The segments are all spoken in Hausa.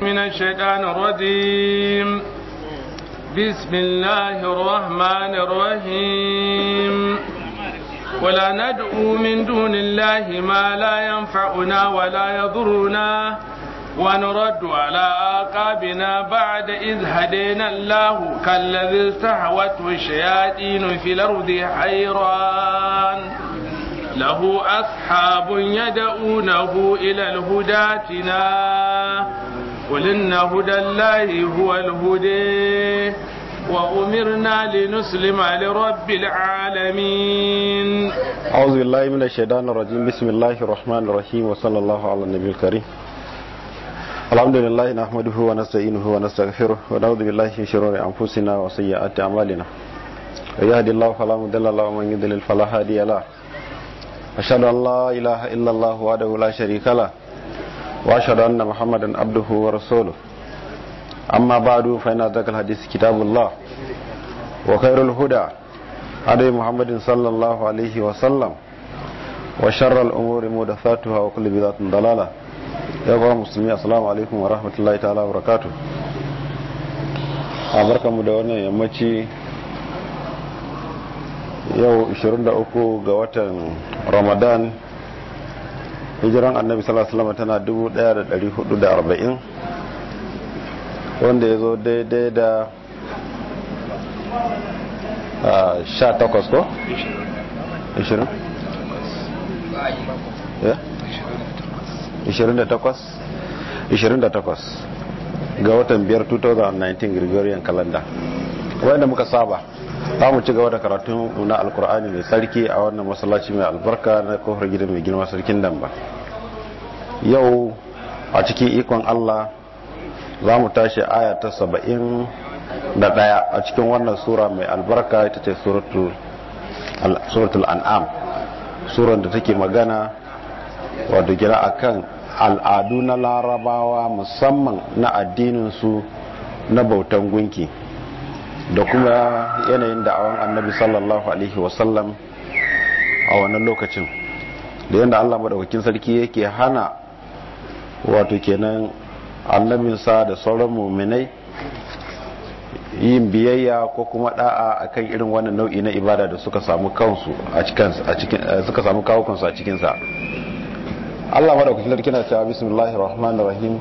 من الشيطان الرجيم بسم الله الرحمن الرحيم ولا ندعو من دون الله ما لا ينفعنا ولا يضرنا ونرد على آقابنا بعد إذ هدينا الله كالذي استحوته الشياطين في الأرض حيران له أصحاب يدعونه إلى الهداتنا قل إن هدى الله هو الهدي وأمرنا لنسلم لرب العالمين أعوذ بالله من الشيطان الرجيم بسم الله الرحمن الرحيم وصلى الله على النبي الكريم الحمد لله نحمده ونستعينه ونستغفره ونعوذ بالله من شرور أنفسنا وسيئات أعمالنا ويهدي الله فلا مضل له ومن يضلل فلا هادي له أشهد أن لا إله إلا الله وحده لا شريك له واشهد ان محمدا عبده ورسوله اما بعد فان ذاك الحديث كتاب الله وخير الهدى هدي محمد صلى الله عليه وسلم وشر الامور محدثاتها وكل بدعه ضلاله يا ابو مسلمين السلام عليكم ورحمه الله تعالى وبركاته a barkanmu da wannan yammaci yau 23 ga watan ramadan hijiran annabi sallallahu tana 1440 wanda ya zo daidai da 18 ko? 20? 28 28 ga watan 5 2019 gregorian calendar wanda muka saba za mu ci gaba da karatun na alkur'ani mai sarki a wannan masallaci mai albarka na kofar gidan mai girma sarkin damba yau a cikin ikon allah za mu tashi aya ta saba'in da ɗaya a cikin wannan sura mai albarka ita ce suratul an'am suran da take magana wadda gina kan al'adu na larabawa musamman na addinin su na bautan gunki da kuma yanayin da'awan annabi sallallahu alaihi wasallam a wannan lokacin da yadda allah maɗaukakin sarki yake hana wato kenan annabinsa da sauran muminai yin biyayya ko kuma da'a akan irin wannan nau'i na ibada da suka samu eh, kawukansu a cikinsa. suka Allah maɗaukakin sarki na cewa bismillahir rahman rahim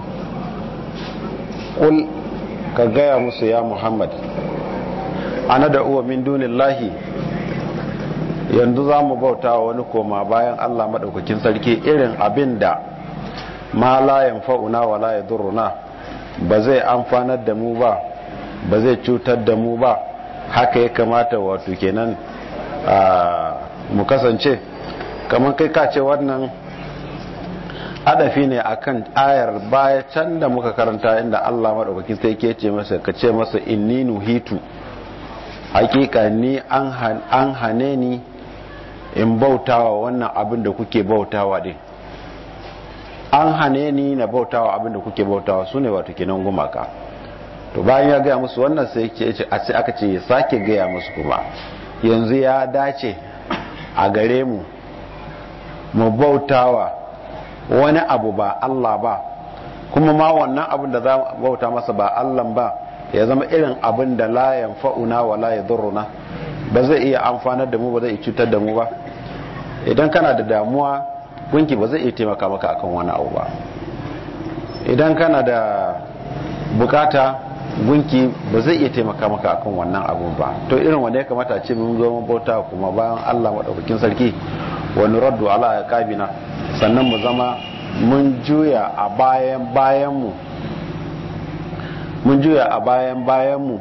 ƙul ka gaya musu ya muhammad ana da uwa min lahi yanzu za mu bauta wani koma bayan Allah maɗaukakin sarki irin abin da ma layan fa'una wa laye duruna ba zai amfanar da mu ba ba zai cutar da mu ba haka ya kamata wato kenan mu kasance kamar kai kace wannan adafi ne a kan ayar baya can da muka karanta inda Allah maɗaukakin sai ke ce masa ka ce masa inni hitu. hakika ni an hane ni in bautawa wannan abin da kuke bautawa din an hane ni na bautawa abin da kuke bautawa su ne wato kenan gumaka to bayan ya gaya musu wannan sai aka ce ya sake gaya musu kuma yanzu ya dace a gare mu mu bautawa wani abu ba Allah ba kuma ma wannan abin da za bauta masa ba Allah ba ya zama irin abin da la fa'una wa la yadhurruna ba zai iya amfanar da mu ba zai iya cutar da mu ba idan kana da damuwa gunki ba zai iya taimaka maka akan wani abu ba idan kana da bukata gunki ba zai iya taimaka maka akan wannan abu ba to irin wanda ya kamata ce mun zo bauta kuma bayan Allah madaukakin sarki wa nuraddu ala aqabina sannan mu zama mun juya a bayan bayan mu mun juya a bayan bayanmu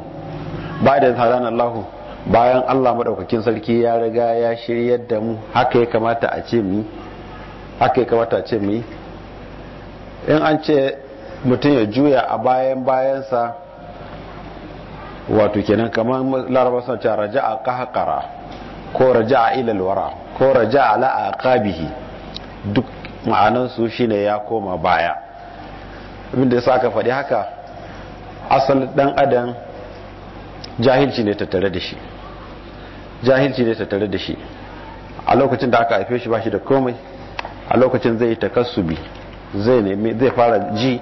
ba da tsaron Allah bayan allah madaukakin sarki ya riga ya shiryar da mu haka ya kamata a ce mu haka ya kamata a ce mu in an ce mutum ya juya a bayan bayansa wato kenan kamar laraba sun ce raja a kahakara ko raja a ilalwara ko raja ala a kabihi duk ma'anansu shine ya koma baya abinda ya sa ka faɗi haka Asal dan adam jahilci ne tattare da shi jahilci ne tattare da shi a lokacin da aka haife shi ba shi da komai a lokacin zai yi takassubi zai nemi zai fara ji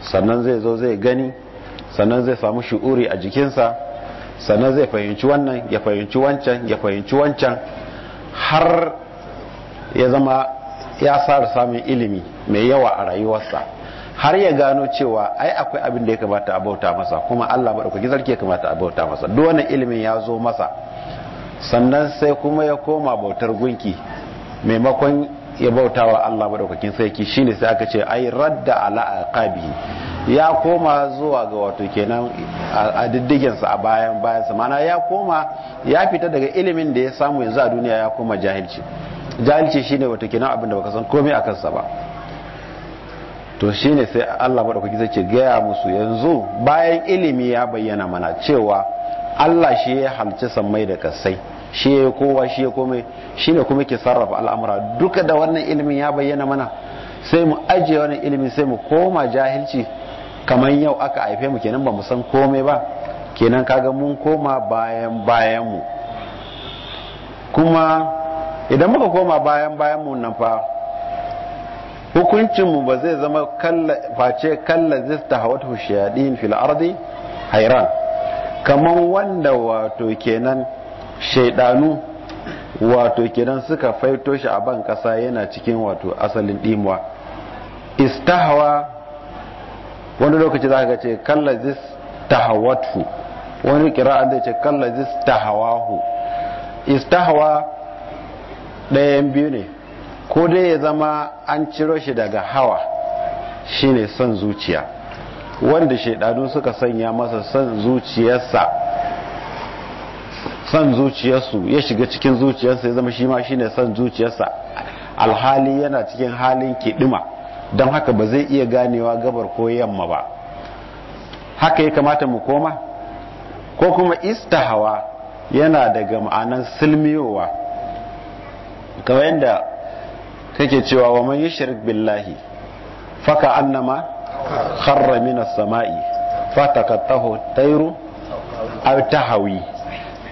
sannan zai zo zai gani sannan zai samu shu'uri a jikinsa sannan zai fahimci wannan ya fahimci wancan ya fahimci wancan har ya zama ya sara samun ilimi mai yawa a rayuwarsa har ya gano cewa ai akwai abin da ya kamata a bauta masa kuma Allah madaukaki sarki ya kamata a bauta masa duk wannan ilimin ya zo masa sannan sai kuma ya koma bautar gunki maimakon ya bauta wa Allah madaukakin sarki shine sai aka ce ai radda ala aqabi ya koma zuwa ga wato kenan a diddigin sa a bayan bayan sa mana ya koma ya fita daga ilimin da ya samu yanzu a duniya ya koma jahilci jahilci shine wato kenan abinda da baka san komai akan sa ba to shine sai Allah madaukaki zai ce gaya musu yanzu bayan ilimi ya bayyana mana cewa Allah shi ya halci sammai da kasai shi ya kowa shi ya komai shi ne kuma ke sarrafa al'amura duka da wannan ilimin ya bayyana mana sai mu ajiye wannan ilimin sai mu koma jahilci kamar yau aka haife mu kenan ba mu san komai ba kenan kaga mun koma bayan bayan mu kuma idan muka koma bayan bayan mu nan fa hukuncinmu ba zai zama face kalla zista hawatu shayadin fil ardi hairan kaman wanda wato kenan shaidanu wato kenan suka faito shi a ban kasa yana cikin wato asalin dimuwa istahwa wani lokaci za ka ce kalla zistahawatu wani kira'an zai ce kalla zistahawahu istahwa ɗayan biyu ne ko dai ya zama an ciro shi daga hawa shine son zuciya wanda shaidadu suka sanya masa son zuciyarsa son zuciyarsu ya shiga cikin zuciyarsa ya zama shi ma shi ne son zuciyarsa alhali yana cikin halin kiɗima don haka ba zai iya ganewa gabar ko yamma ba haka ya kamata mu koma ko kuma hawa yana daga ma'anan silmiyowa kawai yadda kake cewa wa man yushrik billahi faka annama kharra min as-sama'i fatakattahu tayru aw tahawi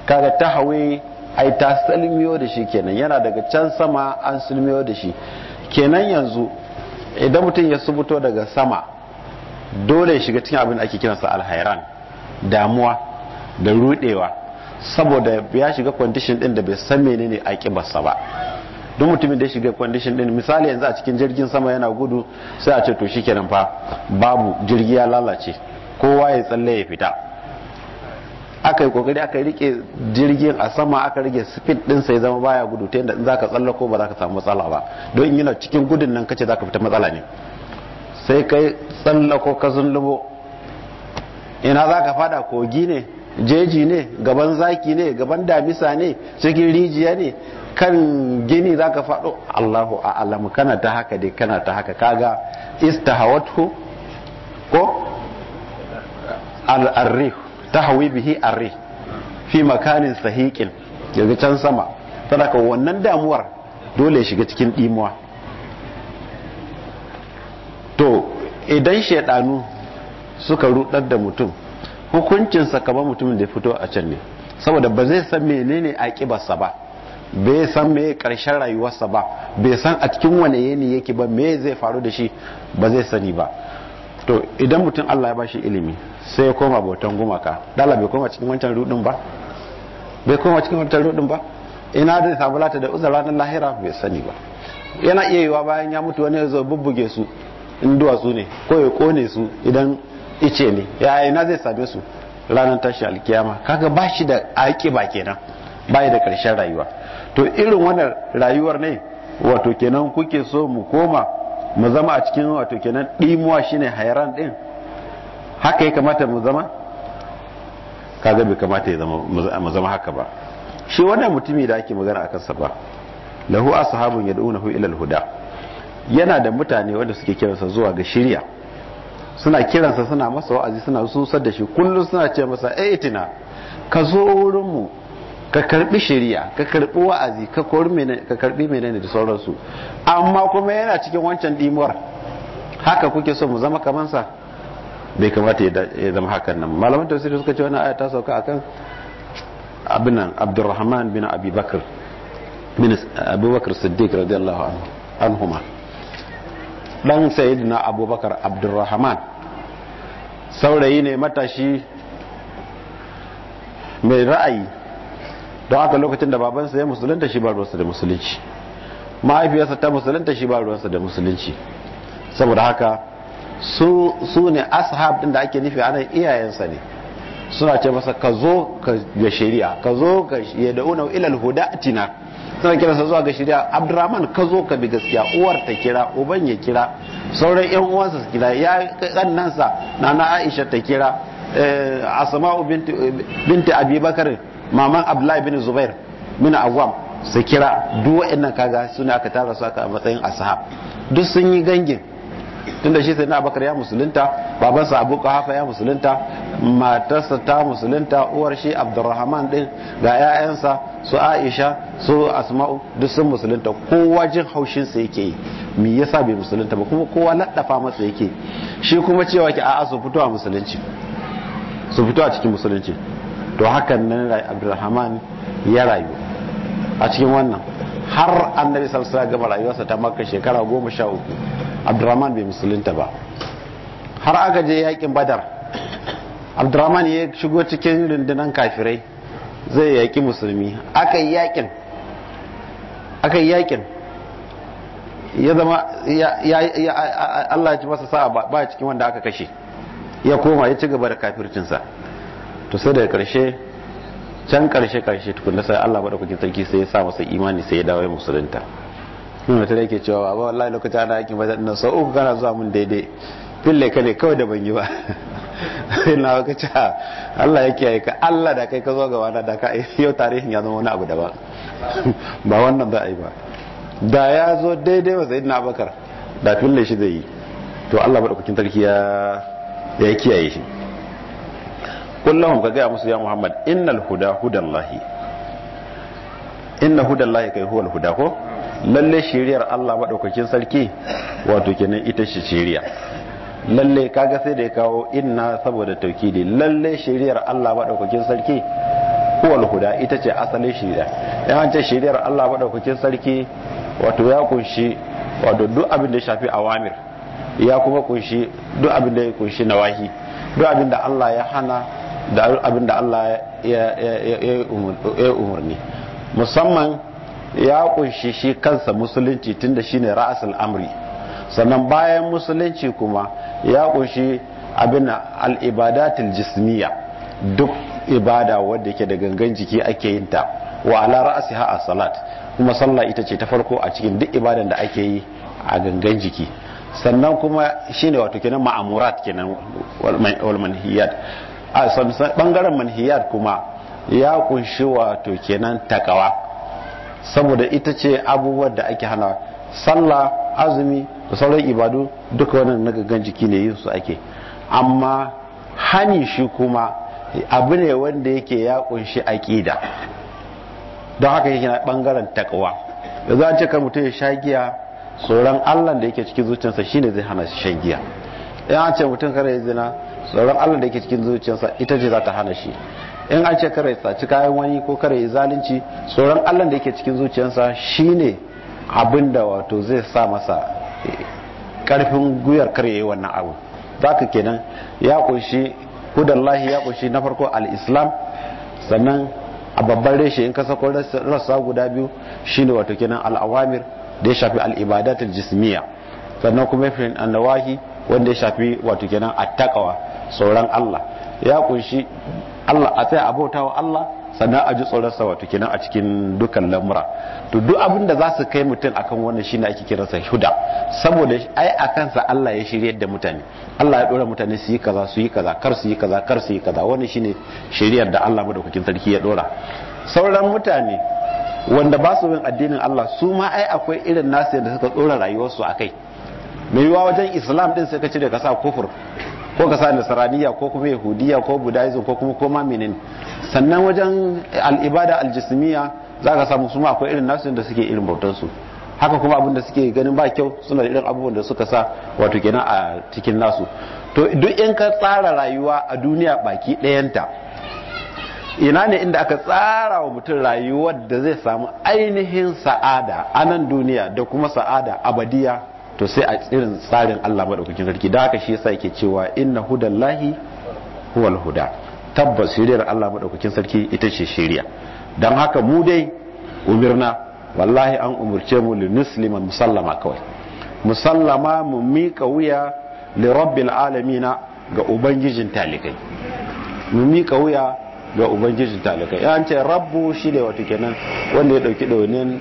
kaga tahawi ai ta salmiyo da shi kenan yana daga can sama an salmiyo da shi kenan yanzu idan mutum ya subuto daga sama dole ya shiga cikin abin da ake kiransa alhairan damuwa da rudewa saboda ya shiga kwandishin din da bai san menene sa ba duk mutumin da shiga condition din misali yanzu a cikin jirgin sama yana gudu sai a ce to shikenan fa babu jirgi ya lalace kowa ya tsalle ya fita aka yi kokari aka rike jirgin a sama aka rike speed din sai zama baya gudu ta in zaka tsalle ko ba zaka samu matsala ba don in yana cikin gudun nan kace zaka fita matsala ne sai kai tsalle ko ka zullubo ina zaka fada kogi ne jeji ne gaban zaki ne gaban damisa ne cikin rijiya ne kan gini zaka faɗo Allahu a'lam kana ta haka dai kana ta haka kaga istahawatu ko al ta hawi bihi arri fi makanin sahiƙin yanzu can sama ka wannan damuwar dole shiga cikin dimuwa to idan shaidanu suka rudar da mutum hukuncinsa kamar mutumin da ya fito a can ne saboda ba zai san menene sa ba bai san me karshen rayuwarsa ba bai san a cikin wane yini yake ba me zai faru da shi ba zai sani ba to idan mutum Allah ya bashi ilimi sai ya koma bautan gumaka dala bai koma cikin wancan rudin ba bai koma cikin wancan rudin ba ina da samu lata da uzura ranar lahira bai sani ba yana iya yiwa bayan ya mutu wani ya zo bubbuge su in duwatsu ne ko ya kone su idan ice ne ya na zai same su ranar tashi alkiyama kaga ba shi da ba kenan ba da karshen rayuwa to irin wannan rayuwar ne wato kenan kuke so mu koma mu zama a cikin wato kenan ɗimuwa shine hairan ɗin haka ya kamata mu zama kaga bai kamata ya zama mu zama haka ba shi wannan mutumi da ake magana a kansa ba lahu ashabun yad'unahu ila al-huda yana da mutane wanda suke kiransa zuwa ga shirya suna kiransa suna masa wa'azi suna susar da shi kullum suna ce masa aitina eh, ka zo wurinmu ka karbi shari'a ka karbi wa'azi ka ka karbi menene da sauransu amma kuma yana cikin wancan dimuwar haka kuke so mu zama kamansa bai kamata ya zama hakan nan malaman tafsiri suka ce wannan aya ta sauka akan abinan abdurrahman bin abubakar bin abubakar siddiq radiyallahu anhu anhuma dan sayyidina abubakar abdurrahman saurayi ne matashi mai ra'ayi don haka lokacin da babansa ya musulunta shi ba ruwansa da musulunci mahaifiyarsa ta musulunta shi ba ruwansa da musulunci saboda haka su ne ashab din da ake nufi anan iyayensa ne suna ce masa ka zo ga shari'a ka zo ga yad'una ilal huda atina suna kiransa zuwa ga shari'a abdurrahman ka zo ka bi gaskiya uwar ta kira uban ya kira sauran yan uwansa su kira ya kannansa nana Aisha ta kira eh, Asma'u binti Abi Bakar maman Abdullahi bin Zubair bin agwam su kira duk waɗannan kaga suna aka tara su aka a matsayin ashab duk sun yi gangin tunda shi sai na bakar ya musulunta babansa abu kahafa ya musulunta matarsa ta musulunta uwar shi abdurrahman din ga 'ya'yansa su aisha su asma'u duk sun musulunta kowa jin haushin sa yake yi me yasa bai musulunta ba kuma kowa laddafa masa yake shi kuma cewa ki a'a su fito a musulunci su fito a cikin musulunci to hakan nan abdurrahman ya rayu a cikin wannan har annabi sallallahu alaihi gaba rayuwarsa ta makka shekara goma sha uku abdurrahman bai musulunta ba har aka je yakin badar abdurrahman ya shigo cikin rundunar kafirai zai yaki musulmi aka yi yakin aka yi yakin ya zama Allah ya ci masa sa'a ba cikin wanda aka kashe ya koma ya ci gaba da kafircinsa to sai daga karshe can karshe karshe tukunda sai Allah madaukakin sarki sai ya sa masa imani sai ya dawo ya musulunta kuma mutum yake cewa ba wallahi lokacin ana yakin bada dinnan sau uku kana zuwa mun daidai fille ka ne kawai da ban yi ba na ka ce Allah ya kiyaye ka Allah da kai ka zo ga wani da ka yau tarihin ya zama wani abu daban ba wannan za a yi ba da ya zo daidai wa sayyidina Abakar. da fille shi zai yi to Allah madaukakin sarki ya ya kiyaye shi kullum ka gaya musu ya muhammad innal huda hudallahi inna hudallahi kai huwal huda ko lalle shiriyar Allah madaukakin sarki wato kenan ita ce shiriya lalle kaga sai da ya kawo inna saboda taukidi lalle shiriyar Allah madaukakin sarki huwal huda ita ce asalin shiriya dan an ce shiriyar Allah madaukakin sarki wato ya kunshi wato duk abin da ya shafi awamir ya kuma kunshi duk abin da ya kunshi nawahi duk abin da Allah ya hana da abin da Allah ya umarni musamman ya kunshi shi kansa musulunci tunda shine ra'asul amri sannan bayan musulunci kuma ya kunshi abin al'ibadatul jismiya duk ibada wadda ke da gangan jiki ake yin ta wa ala ra'asi a salat kuma sallah ita ce ta farko a cikin duk ibadan da ake yi a gangan jiki sannan kuma shine wato kenan ma'amurat kenan wal manhiyat a bangaren manhiyar kuma ya kunshi wato kenan takawa saboda ita ce abubuwan da ake hana sallah azumi da sauran ibadu duka wannan na gangan jiki ne yin su ake amma hani shi kuma abu ne wanda yake ya kunshi aqida don haka yake na bangaren takawa yanzu an ce kar mutum ya sha giya tsoron Allah da yake cikin zuciyarsa shine zai hana shi shan giya in ce mutum kare ya zina tsoron Allah da ke cikin zuciyarsa ita ce za ta hana shi in an ce kare saci kayan wani ko kare zalunci tsoron Allah da yake cikin zuciyarsa ne abin da wato zai sa masa karfin eh, guyar kare wannan abu za ka kenan ya kunshi hudallahi ya kunshi na farko al-islam sannan a babban reshe in kasa ko rasa guda biyu shine wato kenan al'awamir da ya shafi al'ibadatar jismiya sannan kuma fi annawahi wanda ya shafi wato kenan takawa. tsoron Allah ya kunshi Allah a tsaya abotawa Allah sannan a ji sa wato kenan a cikin dukan lamura to duk abin da za su kai mutum akan wannan shine ake kiransa huda saboda ai a kansa Allah ya shiryar da mutane Allah ya dora mutane su yi kaza su yi kaza kar su yi kaza kar su yi kaza wannan shine shiryar da Allah madaukakin sarki ya dora sauran mutane wanda ba su bin addinin Allah su ma ai akwai irin nasu da suka tsora rayuwarsu akai mai yiwa wajen islam din sai ka cire ka sa kufur ko ka sa nasaraniya ko kuma yahudiya ko budaism ko kuma koma sannan wajen al'ibada aljismiya za ka samu su akwai irin nasu da suke irin bautansu haka kuma abin da suke ganin ba kyau suna da irin abubuwan da suka sa wato kenan a cikin nasu to duk in ka tsara rayuwa a duniya baki ɗayanta ina ne inda aka tsara wa mutum rayuwar da zai samu ainihin sa'ada a nan duniya da kuma sa'ada abadiya to sai a tsirin tsarin Allah madaukakin sarki da haka shi yasa yake cewa inna hudallahi huwal huda tabbas da Allah madaukakin sarki ita ce shiriya dan haka mu dai umirna wallahi an umurce mu li muslima musallama kawai musallama mu mika wuya li rabbil alamina ga ubangijin talikai mu mika wuya ga ubangijin talikai ya ce rabbu shi ne wato kenan wanda ya dauki daunin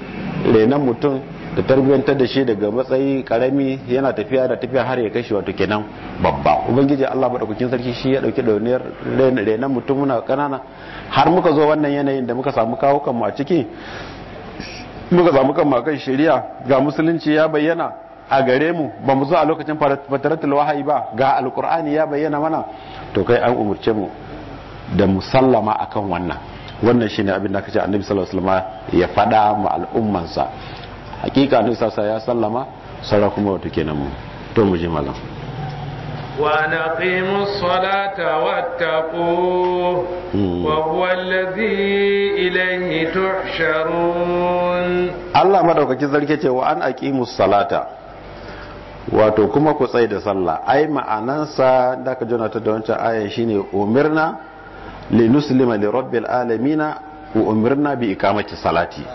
renan mutum da tarbiyyantar da shi daga matsayi karami yana tafiya da tafiya har ya kai shi wato kenan babba ubangiji Allah madaukakin sarki shi ya dauki dauniyar renan mutum muna kanana har muka zo wannan yanayin da muka samu kawo mu a ciki muka samu kan mu kan shari'a ga musulunci ya bayyana a gare mu ba mu zo a lokacin fataratul wahayi ba ga alkur'ani ya bayyana mana to kai an umurce mu da musallama akan wannan wannan shine abin da kace annabi sallallahu alaihi wasallam ya fada ma al'ummansa hakika ne sassa ya sallama sara kuma wata kenan mu to mu je malam ونقيموا hmm. wa huwa alladhi ilayhi tuhsharun Allah madaukaki zarke ce wa an aqimu الصلاة wato kuma ku tsaye da sallah ai ma'anansa da ka jona ta da wancan aya shine umirna li nuslima li rabbil alamina wa umirna bi ikamati salati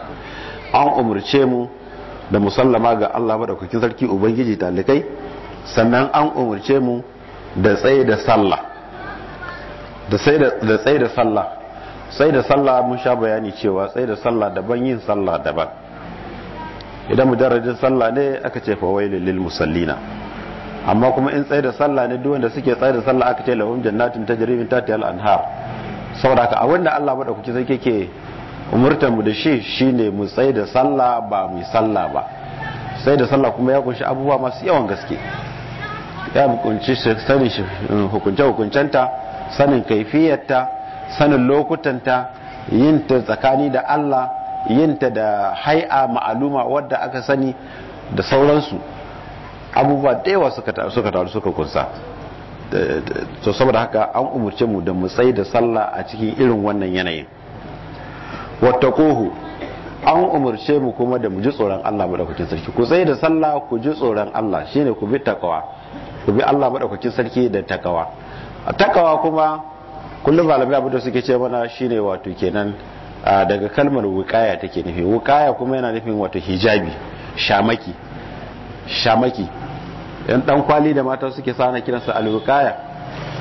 an umurce mu da musallama ga Allah madaukakin sarki ubangiji talikai sannan an umarce mu da tsaye da sallah da tsaye da sallah tsaye da sallah mun sha bayani cewa tsaye da sallah daban yin sallah daban idan mujarradin salla ne aka ce fa wailul lil musallina amma kuma in tsaye da sallah ne duk wanda suke tsaye da sallah aka ce lahum jannatin tajri min tahtiha al anhar saboda haka a wanda Allah madaukakin sarki ke Umurtanmu mu da shi shine mu tsaida da sallah ba mu sallah ba sai da sallah kuma ya kunshi abubuwa masu yawan gaske ya kunshi sanin eh, hukunce hukuncenta sanin kaifiyarta sanin lokutanta yin ta tsakani da Allah yin ta da hai'a ma'aluma wadda aka sani da sauransu abubuwa da yawa suka taru suka kunsa eh, eh, to saboda haka an umurce mu da mu tsaye da sallah a cikin irin wannan yanayin wata kohu an umarce mu kuma da mu ji tsoron Allah madaukakin sarki ku tsaye da sallah ku ji tsoron Allah shine ku bi takawa ku bi Allah madaukakin sarki da takawa takawa kuma kullum malamai abu da suke ce mana shine wato kenan daga kalmar wukaya take nufi wukaya kuma yana nufin wato hijabi shamaki shamaki yan dan kwali da mata suke sana kiransa alwukaya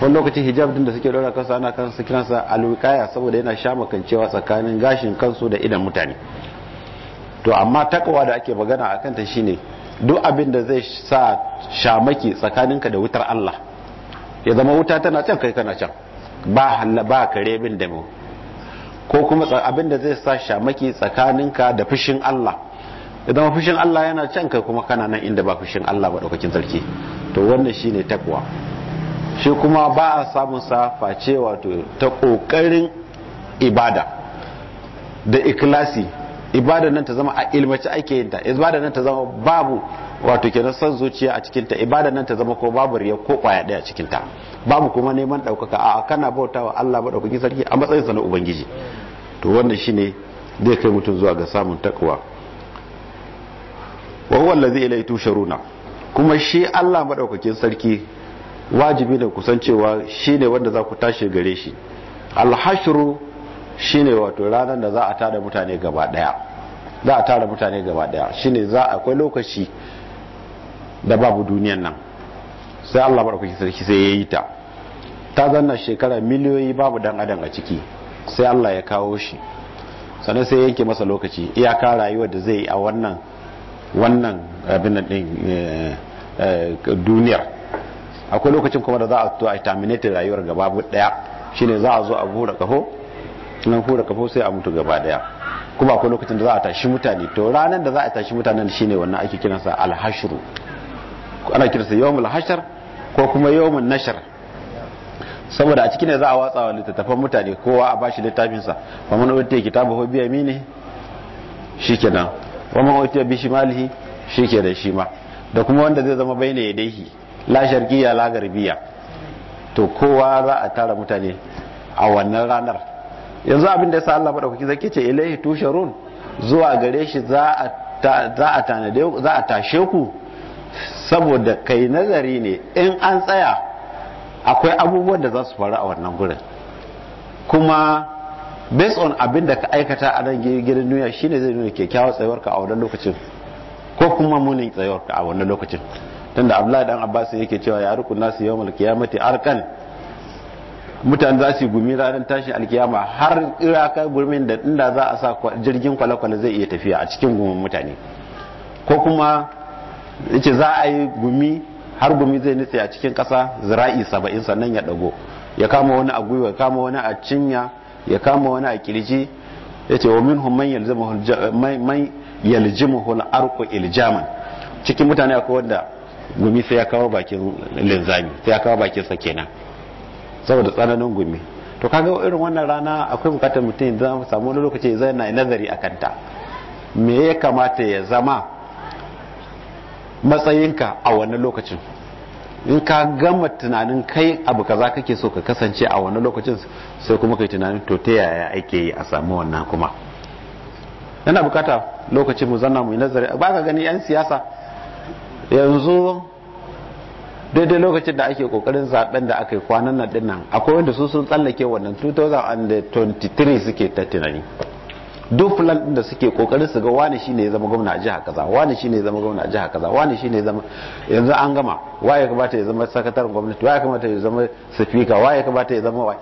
wani lokacin hijab din da suke dora kansu ana su kiransa alwiqaya saboda yana shamakancewa tsakanin gashin kansu da idan mutane to amma takawa da ake magana akan ta shine duk abin da zai sa shamaki tsakaninka da wutar Allah ya zama wuta tana can kai kana can ba halla ba kare bin da mu ko kuma abin da zai sa shamaki tsakaninka da fushin Allah ya fushin Allah yana can kai kuma kana nan inda ba fushin Allah ba daukakin sarki to wannan shine takwa shi kuma ba a samun sa face wato ta kokarin ibada da ikilasi ibada nan ta zama a ilmace ake yin ta ibada nan ta zama babu wato kenan son zuciya a cikinta ibada nan ta zama ko babu riya ko kwaya daya cikin ta babu kuma neman daukaka a kana bauta wa Allah madaukakin sarki a matsayin sa na ubangiji to wannan shine zai kai mutum zuwa ga samun takwa wa huwa allazi ilayhi tusharuna kuma shi Allah madaukakin sarki wajibi ne kusancewa shine wanda za ku tashi gare shi alhashru shine wato ranar da za a tara mutane gaba daya za a tara mutane gaba daya shine za akwai lokaci da babu duniyan nan sai Allah barkaki sarki sai ya yi ta ta zanna shekara miliyoyi babu dan adam a ciki sai Allah ya kawo shi sannan sai yanke masa lokaci iyaka rayuwar da zai yi a wannan wannan abin eh, eh, duniyar akwai lokacin kuma da za a to a terminate rayuwar gaba daya shine za a zo a hura kafo nan hura kafo sai a mutu gaba daya kuma akwai lokacin da za a tashi mutane to ranar da za a tashi mutanen shine wannan ake kiransa alhashru ana kiransa yawmul hashar ko kuma yawmun nashar saboda a cikin za a watsa wa littattafan mutane kowa a bashi littafin sa fa man utiya kitabahu bi yamini shikenan wa man utiya bi shimalihi shikenan shi ma da kuma wanda zai zama bayyana yadaihi la sharqiyya la garbiya to kowa za a tara mutane a wannan ranar yanzu abin da ya sa Allah madaukaki zake ce ilaihi tusharun zuwa gare shi za a za a tanade za a tashe ku saboda kai nazari ne in an tsaya akwai abubuwan da za su faru a wannan gurin kuma based on abin da ka aikata a nan gidan duniya shine zai nuna kyakkyawar tsayuwarka a wannan lokacin ko kuma munin tsayuwarka a wannan lokacin tunda abdullahi dan abbas yake cewa ya rukun nasu yawmul qiyamati arkan mutane za su gumi ranar tashin alkiyama har iraka gurmin da inda za a sa jirgin kwale-kwale zai iya tafiya a cikin gumin mutane ko kuma yace za a yi gumi har gumi zai nutse a cikin kasa zira'i saba'in sannan ya ɗago ya kama wani a gwiwa ya kama wani a cinya ya kama wani a kirji yace wa minhum man yalzimuhu man yalzimuhu al-arqu iljaman cikin mutane akwai wanda gumi sai ya kawo bakin linzami sai ya kawo bakin sake kenan saboda tsananin gumi to kaga irin wannan rana akwai bukatar mutum ya samu wani lokaci zai na nazari a kanta me ya kamata ya zama matsayinka a wannan lokacin in ka gama tunanin kai abu ka za kake so ka kasance a wannan lokacin sai kuma kai tunanin to ta yaya ake yi a samu wannan kuma yana bukata lokacin mu zanna mu nazari ba ka gani yan siyasa yanzu daidai lokacin da ake kokarin zaben da aka yi kwanan nan dinnan akwai wanda su sun tsallake wannan 2023 suke ta tunani duk plan din da suke kokarin su ga wani shine ya zama gwamna a jiha kaza wani shine ya zama gwamna a jiha kaza wani shine ya zama yanzu an gama waye kamata ya zama sakataren gwamnati waye kamata ya zama sifika waye kamata ya zama waye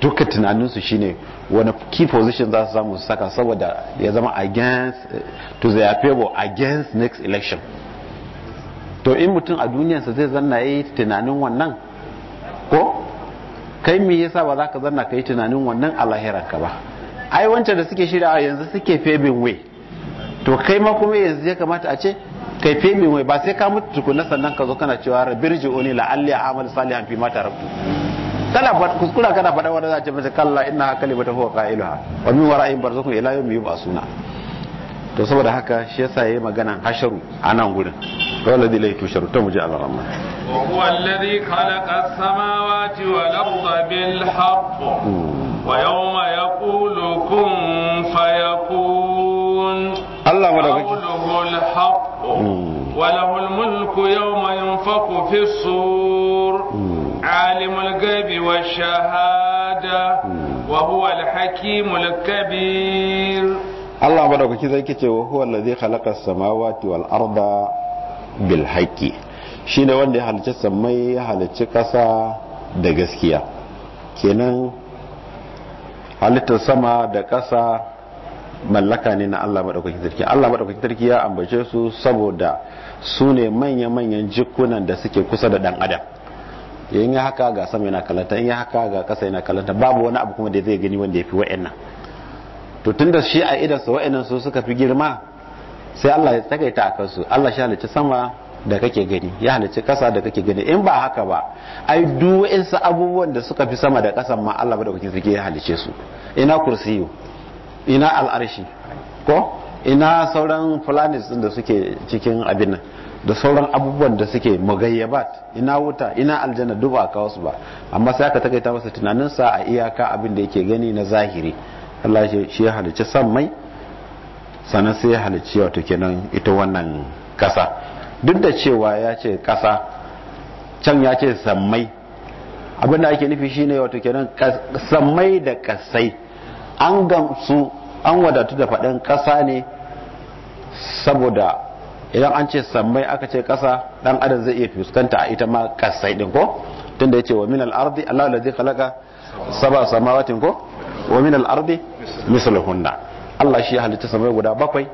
duka tunanin su shine wani key position za su samu su saka saboda ya zama against to the appeal against next election to in mutum a duniyarsa zai zanna ya yi tunanin wannan ko kai me yasa ba za ka zanna ka yi tunanin wannan a lahirarka ba ai wancan da suke shirya yanzu suke febin wai to kai ma kuma yanzu ya kamata a ce kai febin wai ba sai ka mutu tukuna sannan ka zo kana cewa rabir ji'uni la'alli a amal salihan fi mata rabtu kana kuskura kana faɗa wanda za a ce mace kalla inna hakali bata huwa qailuha wa min wara'in barzakhun ila ba suna. to saboda haka shi yasa yayi magana hasharu a nan gurin wala zai lai tusharu to muji Allah rahman wa huwa alladhi khalaqa as-samawati wal arda bil haqq wa yawma yaqulu kun fayakun Allah madaukakin haqq wa lahul mulku yawma yunfaqu fi as-sur alimul ghaibi wash shahada wa huwa al-hakimul kabir Allah madaukaki zai ce wa huwa allazi khalaqa samawati wal arda bil haqqi shine wanda ya halicci samai ya halicci kasa da gaskiya kenan halittar sama da kasa mallaka ne na Allah madaukakin sarki Allah madaukakin sarki ya ambace su saboda su ne manya-manyan jikunan da suke kusa da dan adam yayin haka ga sama yana kalanta in haka ga kasa yana kalanta babu wani abu kuma da zai gani wanda ya fi wa'annan to tun da shi a idansa wa'annan su suka fi girma sai Allah ya takaita a kansu Allah shi halicci sama da kake gani ya halicci kasa da kake gani in ba haka ba ai duk wa'ansu abubuwan da suka fi sama da kasan ma Allah madaukakin suke ya halicce su ina kursiyu ina al'arshi ko ina sauran planets din da suke cikin abin nan da sauran abubuwan da suke magayyabat ina wuta ina aljanna duba ka wasu ba amma sai aka takaita masa tunaninsa a iyaka abin da yake gani na zahiri Allah shi ya halicci mai sannan sai ya halicci wato kenan ita wannan kasa duk da cewa ya ce kasa can ya ce sammai abinda ake nufi shine wato kenan sammai da kasai an gamsu an wadatu da faɗin kasa ne saboda idan an ce sammai aka ce kasa dan adam zai iya fuskanta a ita ma kasai din ko tunda yace wa minal ardi allah zai khalaqa sab'a samawatin ko wa min al-ardi misluhunna Allah shi ya halitta samai guda bakwai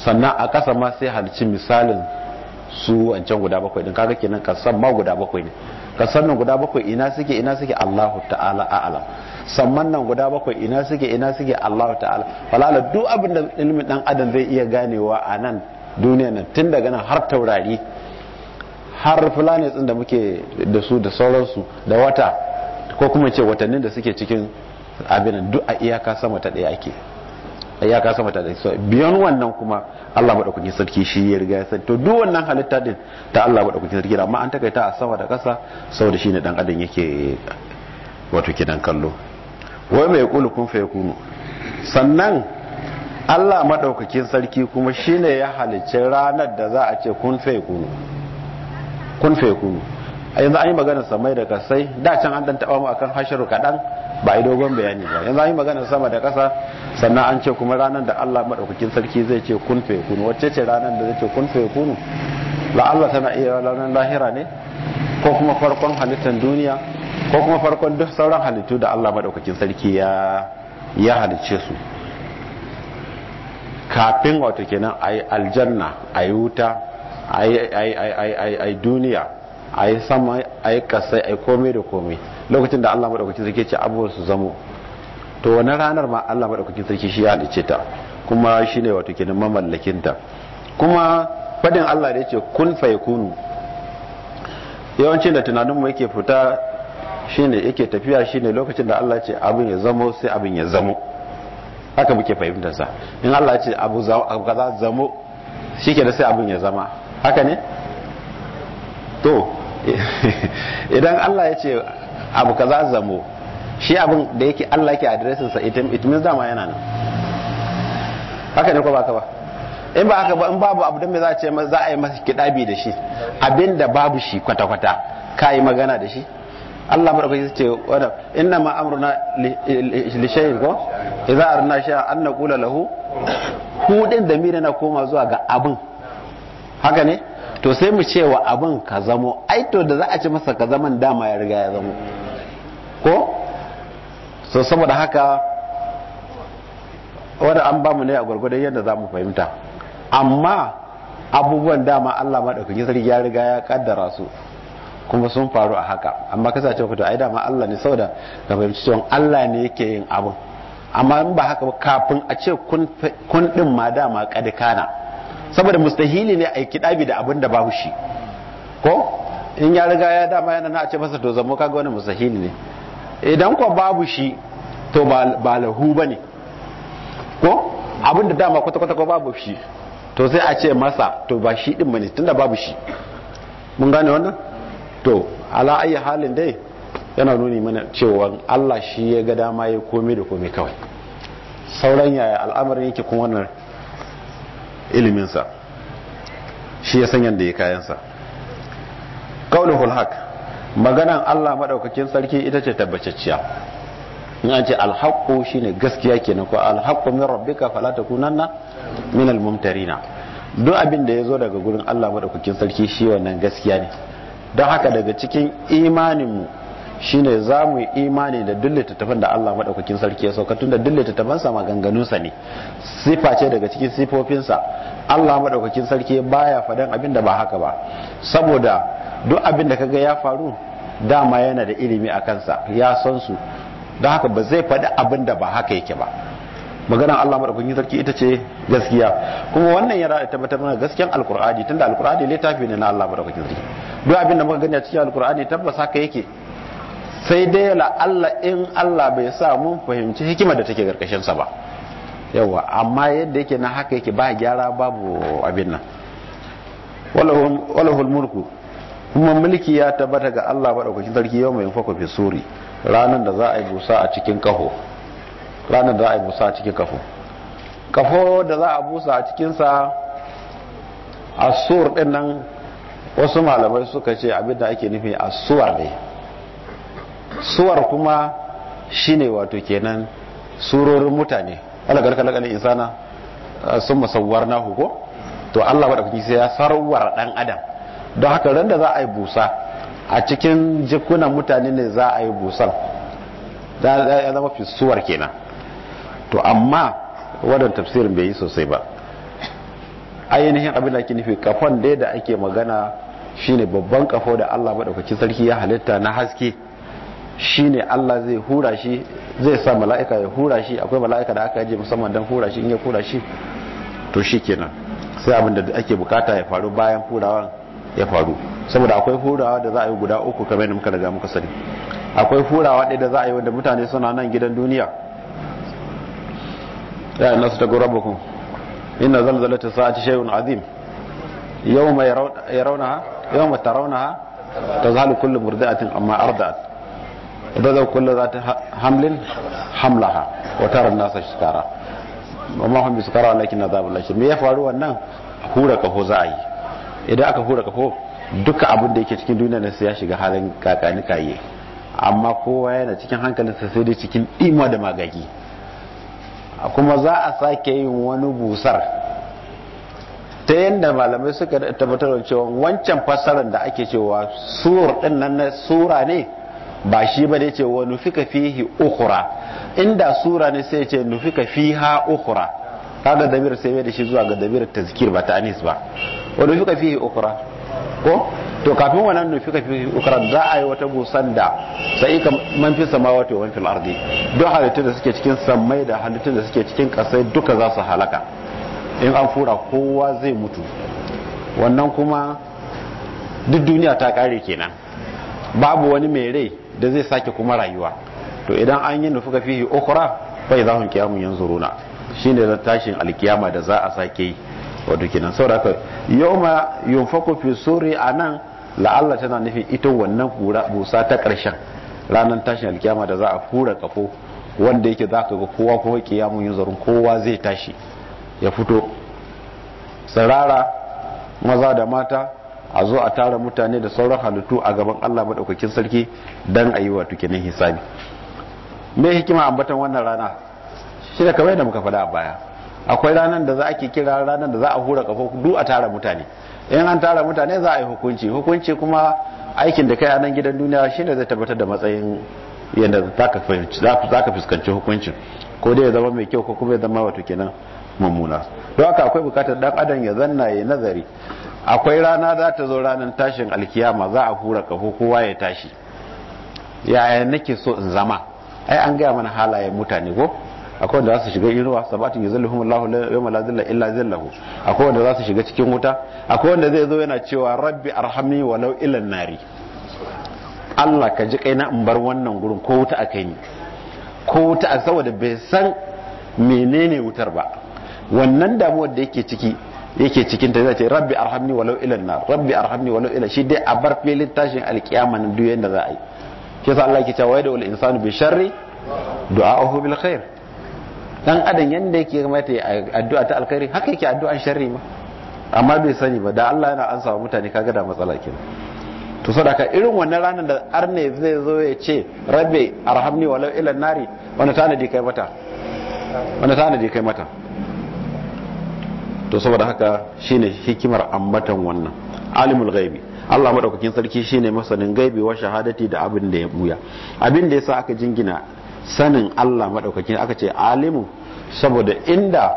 sannan a kasa ma sai halicci misalin su wancan guda bakwai din kaga kenan san ma guda bakwai ne san nan guda bakwai ina suke ina suke Allahu ta'ala a'ala samman nan guda bakwai ina suke ina suke Allahu ta'ala falala duk abin da ilmin dan adam zai iya ganewa a nan duniya nan tun daga nan har taurari har fulani tsin da muke da su da sauransu da wata ko kuma ce watannin da suke cikin abinan duk a iyaka sama ta daya ake iyaka sama ta daya biyan wannan kuma Allah madaukakin sarki shi ya riga ya sani to duk wannan halitta din ta Allah madaukakin sarki amma an takaita a sama da ƙasa saboda shine dan adam yake wato kidan kallo wai mai yaqulu kun fa yakunu sannan Allah madaukakin sarki kuma shine ya halicci ranar da za a ce kun fa yakunu kun fa yakunu a yanzu an yi maganar sama da kasai da can an dan taba mu akan hasharu kadan ba yi dogon bayani ba yanzu an yi maganar sama da kasa sannan an ce kuma ranar da Allah madaukakin sarki zai ce kun fe kunu wacce ce ranar da zai ce kun fe kunu la Allah tana iya ranar lahira ne ko kuma farkon halittar duniya ko kuma farkon duk sauran halittu da Allah madaukakin sarki ya ya halicce su kafin wato kenan ayi aljanna ayi wuta ayi ayi ayi ayi duniya a yi sama a yi kasai a yi komai da komai lokacin da allah maɗaukakin sarki ce abubuwa su zamo to wani ranar ma allah maɗaukakin sarki shi ya dace ta kuma shi ne wato kenan mamallakinta kuma faɗin allah da ya ce kun kunu yawancin da tunaninmu yake fita shine yake tafiya shine lokacin da allah ce abin ya zamo sai abin ya zamo haka muke fahimtarsa in allah ce abu kaza zamo shi ke da sai abin ya zama haka ne to idan Allah ya ce abu ka kaza zamo shi abin da yake Allah ke adresin sa it means dama yana nan haka ne ko ba ka ba in ba haka ba in babu abu da me za a ce za a yi masa kidabi da shi abinda babu shi kwata kwata ka yi magana da shi Allah madaukaki zai ce wada inna ma amruna li shay'in ko idza arna shay'an an naqula lahu hu da mira na koma zuwa ga abin haka ne to sai mu ce wa abin ka zamo ai da za a ci masa ka zaman dama ya riga ya zamo ko so saboda haka wanda an bamu ne a gwargwadon yadda za mu fahimta amma abubuwan dama Allah ma maɗaukaki sarki ya riga ya kaddara su kuma sun faru a haka amma kasance fito ai dama Allah ne saboda ka fahimci cewa Allah ne yake yin abin amma in ba haka ba kafin a ce kun din ma dama kadikana saboda mustahili ne a yi kiɗabi da abin da babu shi ko in ya riga ya dama yana na a ce masa to zamo kaga wani mustahili ne idan ko babu shi to ba lahu ba ne ko abin da dama kwata-kwata ko babu shi to sai a ce masa to ba shi ɗin mani tun da babu shi mun gane wannan to ala ayi halin dai yana nuni mana cewa Allah shi ya ga dama ya komai da komai kawai sauran yaya al'amarin yake kuma wannan iliminsa shi ya san yadda ya kayansa qauluhul haq maganan Allah madaukakin sarki ita ce tabbacacciya in an ce shi shine gaskiya kenan ko alhaqqu min rabbika fala takunanna min almumtarina duk abin da ya zo daga gurin Allah madaukakin sarki shi wannan gaskiya ne don haka daga cikin imaninmu shine za mu yi imani da duk littattafan da Allah madaukakin sarki ya sauka tunda duk littattafan sa maganganun sa ne sifa ce daga cikin sifofinsa Allah madaukakin sarki baya fadan abin da ba haka ba saboda duk abin da kaga ya faru dama yana da ilimi a kansa ya san su don haka ba zai faɗi abin da ba haka yake ba maganar Allah madaukakin sarki ita ce gaskiya kuma wannan ya rada tabbatar mana gaskiyar alkur'ani tunda alkur'ani littafi ne na Allah madaukakin sarki duk abin da muka gani a cikin alkur'ani tabbas haka yake sai dai Allah in Allah bai sa mun fahimci hikima da take karkashin sa ba yawa amma yadda yake na haka yake ba gyara babu abin nan walahul mulku kuma mulki ya tabbata ga Allah ba madaukakin sarki yau mai fako fi suri ranar da za a yi busa a cikin kaho ranar da za a yi busa a cikin kafo kafo da za a busa a cikin sa asur din nan wasu malamai suka ce abin da ake nufi asuwa ne suwar kuma shine wato kenan surorin mutane Allah garka insana ah, sun masauwar na ko? to Allah wadda sai ya sarwar dan adam don haka ran za a yi busa a cikin jikunan mutane ne za a yi busar ya zama suwar kenan to amma wadda tafsirin bai yi sosai ba ainihin abin da ake nufi kafan dai da ake magana shine babban kafo da Allah madaukakin sarki ya halitta na haske shine Allah zai hura shi zai sa mala'ika ya hura shi akwai mala'ika da aka yaje musamman don hura shi in ya hura shi to shi kenan sai abin da ake bukata ya faru bayan hurawan ya faru saboda akwai hurawa da za a yi guda uku kamar da muka daga muka sani akwai hurawa ɗaya da za a yi wanda mutane suna nan gidan duniya ya yi nasu tagu rabakun ina zalzalata sa'ati shayun azim yau mai rauna yau mai tarauna ta zahalu kullum murdi'atin amma arda'at تذو كل ذات hamlin hamlaha وترى الناس nasa وما هم بسكارى ولكن عذاب الله شديد me ya faru wannan hura kafo za a yi idan aka hura kafo duka abin da yake cikin duniya ne sai ya shiga halin kakani kaye amma kowa yana cikin hankalin sa sai dai cikin ima da magagi kuma za a sake yin wani busar ta yadda malamai suka tabbatar da cewa wancan fassarar da ake cewa sur din nan na sura ne ba shi ba ne ce wa nufika fihi ukhra inda sura ne sai ce nufika fiha ukhra kaga damir sai da shi zuwa ga damir tazkir ba ta anis ba wa nufika fihi ukhra ko to kafin wannan nufika fihi ukhra za a yi wata busan da sai ka man fi samawati wa fil ardi duk halittun da suke cikin samai da halittun da suke cikin kasai duka za su halaka in an fura kowa zai mutu wannan kuma duk duniya ta kare kenan babu wani mai rai da zai sake kuma rayuwa to idan an yi nufuka fihi ukhra fa yanzu runa yanzuruna shine da tashin alkiyama da za a sake yi wato kenan saboda ma yawma yunfaku fi suri anan la'alla tana nufin ita wannan kura busa ta karshen ranan tashin alkiyama da za a kura kafo wanda yake za ka ga kowa kuma kiyamun yunzurun kowa zai tashi ya fito tsirara maza da mata a zo a tara mutane da sauran halittu a gaban Allah madaukakin sarki dan yi wa tukinin hisabi me hikima ambatan wannan rana shi da kamar da muka faɗa a baya akwai ranar da za ake kira ranar da za a hura kafa du a tara mutane in an tara mutane za a yi hukunci hukunci kuma aikin da kai a nan gidan duniya shine zai tabbatar da matsayin yadda za ka fuskanci hukuncin ko dai ya zama mai kyau ko kuma ya zama wato kenan mummuna don haka akwai bukatar dan adam ya zanna ya nazari akwai rana za ta zo ranar tashin alkiyama za a hura kafo kowa ya tashi yaya nake so in zama ai an gaya mana halaye mutane ko akwai wanda za su shiga inuwa sabatin ya zallahu Allahu yawma la zilla illa zillahu akwai wanda za su shiga cikin wuta akwai wanda zai zo yana cewa rabbi arhamni walau ila nari Allah ka ji kaina in bar wannan gurin ko wuta a kai ni ko wuta a saboda bai san menene wutar ba wannan damuwar da yake ciki yake cikin ta zai ce rabbi arhamni walau ilan nar rabbi arhamni walau ila shi dai a bar filin tashin alkiyama nan duk yanda za a yi shi yasa Allah yake cewa da wal insanu bi sharri du'a'uhu bil khair dan adam yanda yake kamata ya addu'a ta alkhairi haka yake addu'an sharri ma amma bai sani ba da Allah yana ansa mutane kaga da matsala kenan to sadaka irin wannan ranar da arne zai zo ya ce rabbi arhamni walau ila nari wani tanadi kai mata wani tanadi kai mata to saboda haka shine hikimar ammatan wannan alimul ghaibi Allah madaukakin sarki shine masanin gaibi wa shahadati da abin da ya buya abin da yasa aka jingina sanin Allah madaukakin aka ce alimu saboda inda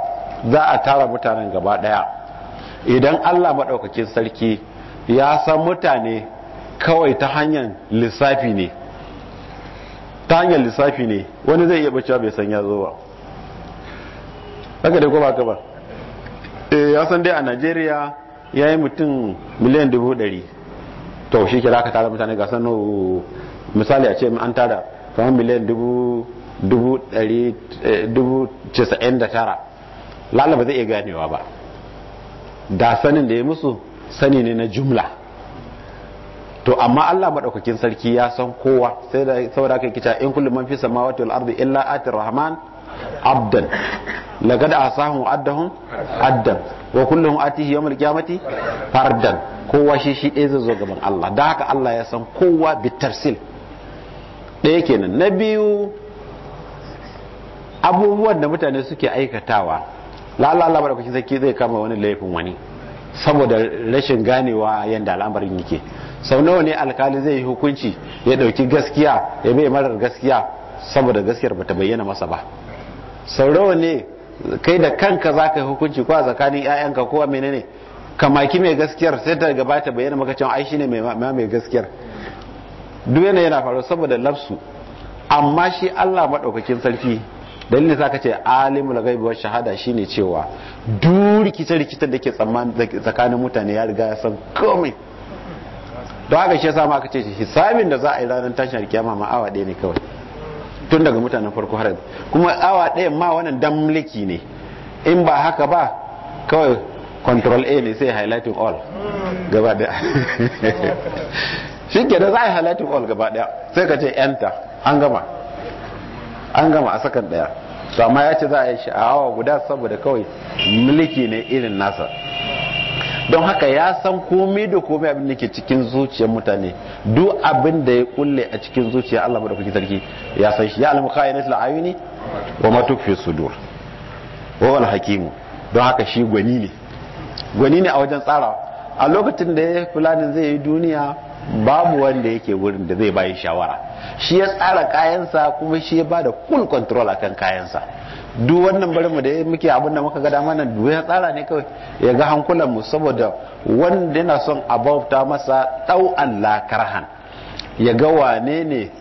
za a tara mutanen gaba daya idan Allah madaukakin sarki ya san mutane kawai ta hanyar lissafi ne ta hanyar lissafi ne wani zai iya bacewa bai san ya zo ba haka dai ko ba ka ba Eh, ya san dai a najeriya ya yi mutum miliyan dubu ɗari to shi kira ka tara mutane gasar no misali a ce an tara kamar miliyan dubu eh, casa'in da tara lalaba zai iya ganewa ba da sanin da ya musu sani ne na jumla to amma Allah maɗaukakin sarki ya san kowa sai da saboda kai kica in kullum man fi samawati wal ardi illa atir rahman abdan laqad asahum addahum addan wa kullum atihi yawmal qiyamati fardan kowa shi shi ɗaya zai zo gaban Allah da haka Allah ya san kowa sil. ɗaya kenan na biyu abubuwan da mutane suke aikatawa la Allah Allah madaukakin sarki zai kama wani laifin wani saboda rashin ganewa yadda al'amarin yake sau nawa ne alkali zai yi hukunci ya ɗauki gaskiya ya bai marar gaskiya saboda gaskiyar bata bayyana masa ba saurawa ne kai da kanka za ka hukunci ko a tsakanin 'ya'yanka ko a menene kamaki mai gaskiyar sai ta gabata bayyana maka cewa aishi ne mai gaskiyar duk yana yana faru saboda lafsu amma shi Allah maɗaukakin sarki dalilin sa ka ce alimu ghaibi wa shahada shine cewa duk rikice rikicin da ke tsakanin mutane ya riga ya san komai don haka shi hisabin da za a yi ranar tashin kiyama ma awa ɗaya ne kawai tun daga mutanen farko har kuma awa ɗayan ma wannan dan mulki ne in ba haka ba kawai control a ne sai highlighting all gaba daya shi ke da za a yi highlighting all gaba daya sai ka ce enter an gama an gama a sakan ɗaya to amma ya ce za a yi shi awa guda saboda kawai mulki ne irin nasa don haka ya san komai da komai abin da ke cikin zuciyar mutane duk abin da ya kulle a cikin zuciyar Allah kuke sarki ya san shi ya alamu na ayuni wa ma tukfi sudur wa wal hakimu don haka shi gwani ne gwani ne a wajen tsara a lokacin da ya fulanin zai yi duniya babu wanda yake wurin da zai bayi shawara shi ya tsara kayansa kuma shi ya ba da full control akan kayansa duk wannan barin mu da muke abin da muka gada mana nan duk ya tsara ne kawai ya ga hankulan mu saboda wanda yana son a bauta masa ɗau'an lakarhan ya ga wane ne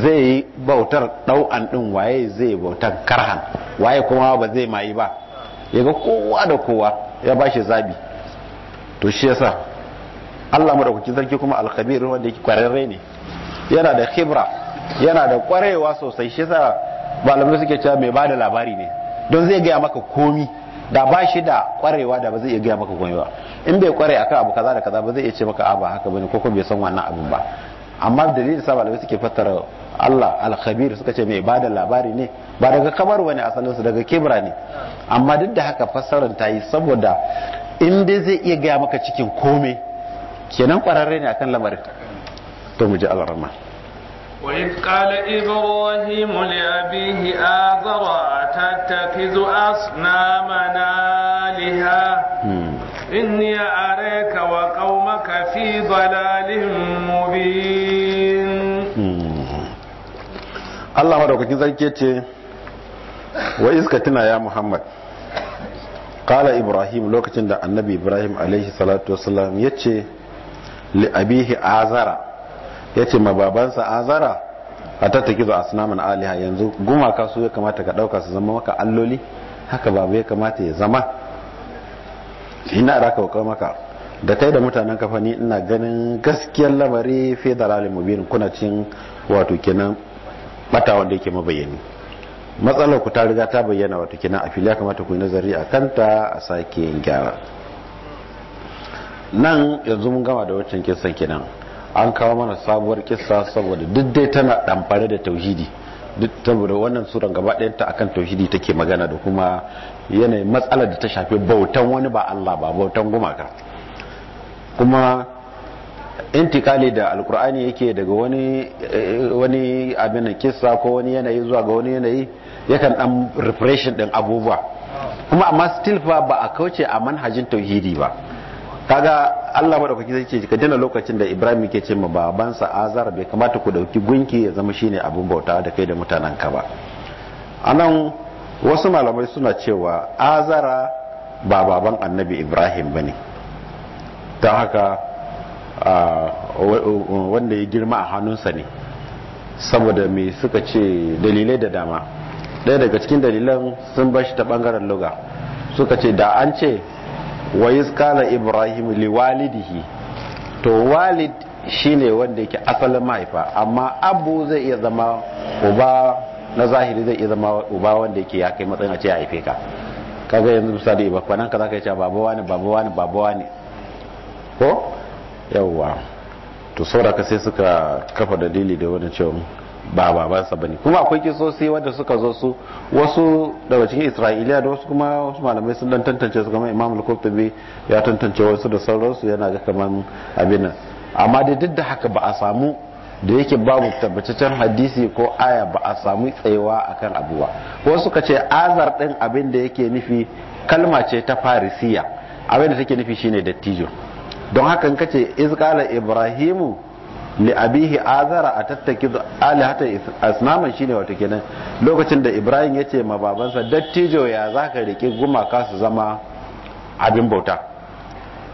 zai yi bautar ɗau'an ɗin waye zai bautar karhan waye kuma ba zai ma yi ba ya ga kowa da kowa ya ba shi zabi to shi yasa Allah kuke sarki kuma alkhabir wanda yake kwararre ne yana da khibra yana da kwarewa sosai shi yasa malamai suke cewa mai bada labari ne don zai gaya maka komi da ba shi da kwarewa da ba zai iya gaya maka komi ba in bai kware akan abu kaza da kaza ba zai iya ce maka a ba haka bane ko bai san wannan abin ba amma dalilin sa malamai suke fassara Allah al-khabir suka ce mai bada labari ne ba daga kamar wani asalin su daga kibra ne amma duk da haka fassarar ta yi saboda in dai zai iya gaya maka cikin komai kenan kwararre ne akan lamarin to mu ji al-rahman وإذ قال إبراهيم لأبيه آذر أتتخذ أصنامنا لها إني أريك وقومك في ضلال مبين الله مدوكاكين كيتي وإذ كتنا يا محمد قال إبراهيم لوكتن دا النبي إبراهيم عليه الصلاة والسلام يتي لأبيه آذر ya ce ma babansa azara a tattaki zuwa asinaman aliha yanzu gumaka su ya kamata ka ɗauka su zama maka alloli haka babu ya kamata ya zama ina ka wa maka da kai da mutanen kafani ina ganin gaskiyar lamari fi lalim mubin kuna cin wato kenan bata wanda yake mabayani matsalar ku ta riga ta bayyana wato kenan a fili ya kamata ku yi nazari a kanta a sake gyara nan yanzu mun gama da wancan kisan kenan an kawo mana sabuwar kissa saboda duk dai tana ɗamfare da tauhidi duk saboda wannan suran gaba ɗayanta akan tauhidi take magana da kuma yanayin matsalar da ta shafi bautan wani ba Allah ba bautan gumaka kuma intikali da alkur'ani yake daga wani wani abin kissa ko wani yanayi zuwa ga wani yanayi yakan dan refreshing din abubuwa kuma amma still ba a kauce a manhajin tauhidi ba kaga Allah madaukaki zai ce ka dina lokacin da Ibrahim yake ce ma babansa Azar bai kamata ku dauki gunki ya zama shine abin bauta da kai da mutanen ka ba anan wasu malamai suna cewa Azara ba baban Annabi Ibrahim bane ta haka wanda ya girma a hannunsa ne saboda me suka ce dalilai da dama ɗaya daga cikin dalilan sun bashi ta ɓangaren luga suka ce da an ce wa kana ibrahim liwalidihi to walid shine wanda yake asalin mahaifa amma abu zai iya zama uba na zahiri zai iya zama uba wanda yake ya kai matsayin a ce ya haife ka kaga yanzu misali ba kwanan ka zaka yi cewa wani baba wani baba wani ko yawwa to saboda ka sai suka kafa dalili da wani cewa ba babansa ba ne kuma akwai kisosi wanda suka zo su wasu daga cikin isra'iliya da wasu kuma wasu malamai sun dan tantance su kamar imam al ya tantance wasu da sauransu yana ga kamar abin nan amma dai duk da haka ba a samu da yake babu tabbataccen hadisi ko aya ba a samu tsayawa akan abuwa wasu suka ce azar din abin da yake nufi kalma ce ta farisiya abin da take nufi shine dattijo don haka in kace izqala ibrahimu li abihi azara a tattaki hata asnaman shine wato kenan lokacin da ibrahim ya ce ma babansa dattijo ya zaka ka riƙe gumaka su zama abin bauta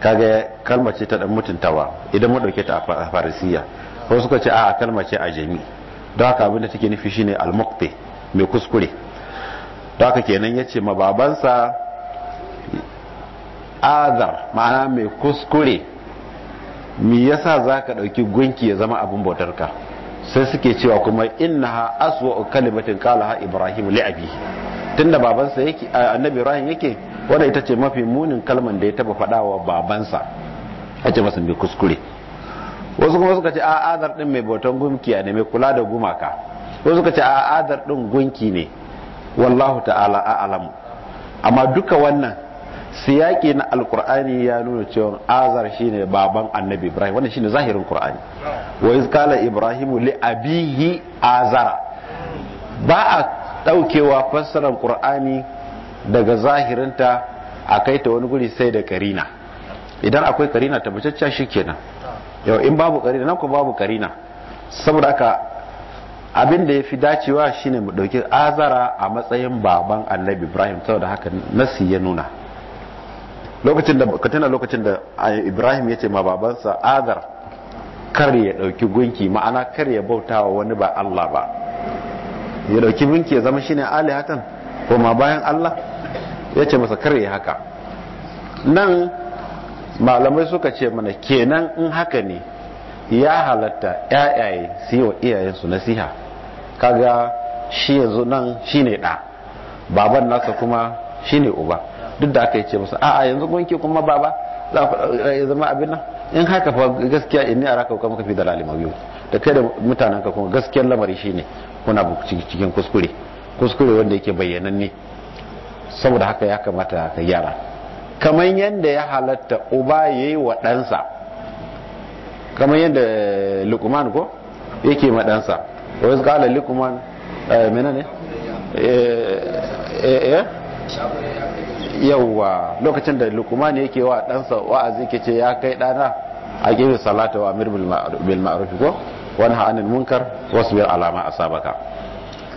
kaga kalma ce ta dan mutuntawa idan mu dauke ta a farisiya ko suka ce a kalma ce a jami don haka abin da take nufi shine al mai kuskure don haka kenan ya ce ma babansa azar ma'ana mai kuskure me yasa ka ɗauki gunki ya zama abin bautar ka sai suke cewa kuma ha aswa kalimatin ha ibrahim li tunda babansa yake annabi ibrahim yake wanda ita ce mafi munin kalman da ya taba faɗa wa babansa a ce masa mai kuskure wasu kuma suka ce a adar din mai bautan gunki ne mai kula da gumaka wasu suka ce a adar din gunki ne wallahu ta'ala a'lamu amma duka wannan siyaki na alkur'ani ya nuna cewa azar shine baban annabi ibrahim wannan shine zahirin qur'ani wa iz qala ibrahim li abihi azara ba a daukewa fassarar qur'ani daga zahirinta a kai ta wani guri sai da karina idan akwai karina shi kenan yau in babu karina nan ko babu karina saboda haka abin da ya fi dacewa shine mu dauki azara a matsayin baban annabi ibrahim saboda haka nasi ya nuna lokacin da ka tana lokacin da Ibrahim ya ce ma babansa Azar kar ya dauki gunki ma'ana kar ya bautawa wani ba Allah ba ya dauki gunki ya zama shine alihatan ko ma bayan Allah ya ce masa kar ya haka nan malamai suka ce mana kenan in haka ne ya halatta yayaye su yi wa iyayensu nasiha kaga shi yanzu nan shine da baban nasa kuma shine uba duk da aka yace masa a'a yanzu kun ke kuma baba za ku eh, ya zama abin nan in haka fa gaskiya in ni araka kuma kafi dalali mabiyu da kai da mutanen ka kuma gaskiyar lamari shine kuna cikin kuskure kuskure wanda yake bayyananne saboda haka ya kamata ka gyara kamar yanda ya halatta uba yayi wa ɗansa kamar yanda luqman ko yake ma ɗansa wa yanzu kala lukman eh, menene eh eh, eh? yauwa lokacin da lukumani yake wa ɗansa wa'azi ke ce ya kai ɗana a gini salata wa amir bil ma'ruf ko wani ha'anin munkar wasu biyar alama a sabaka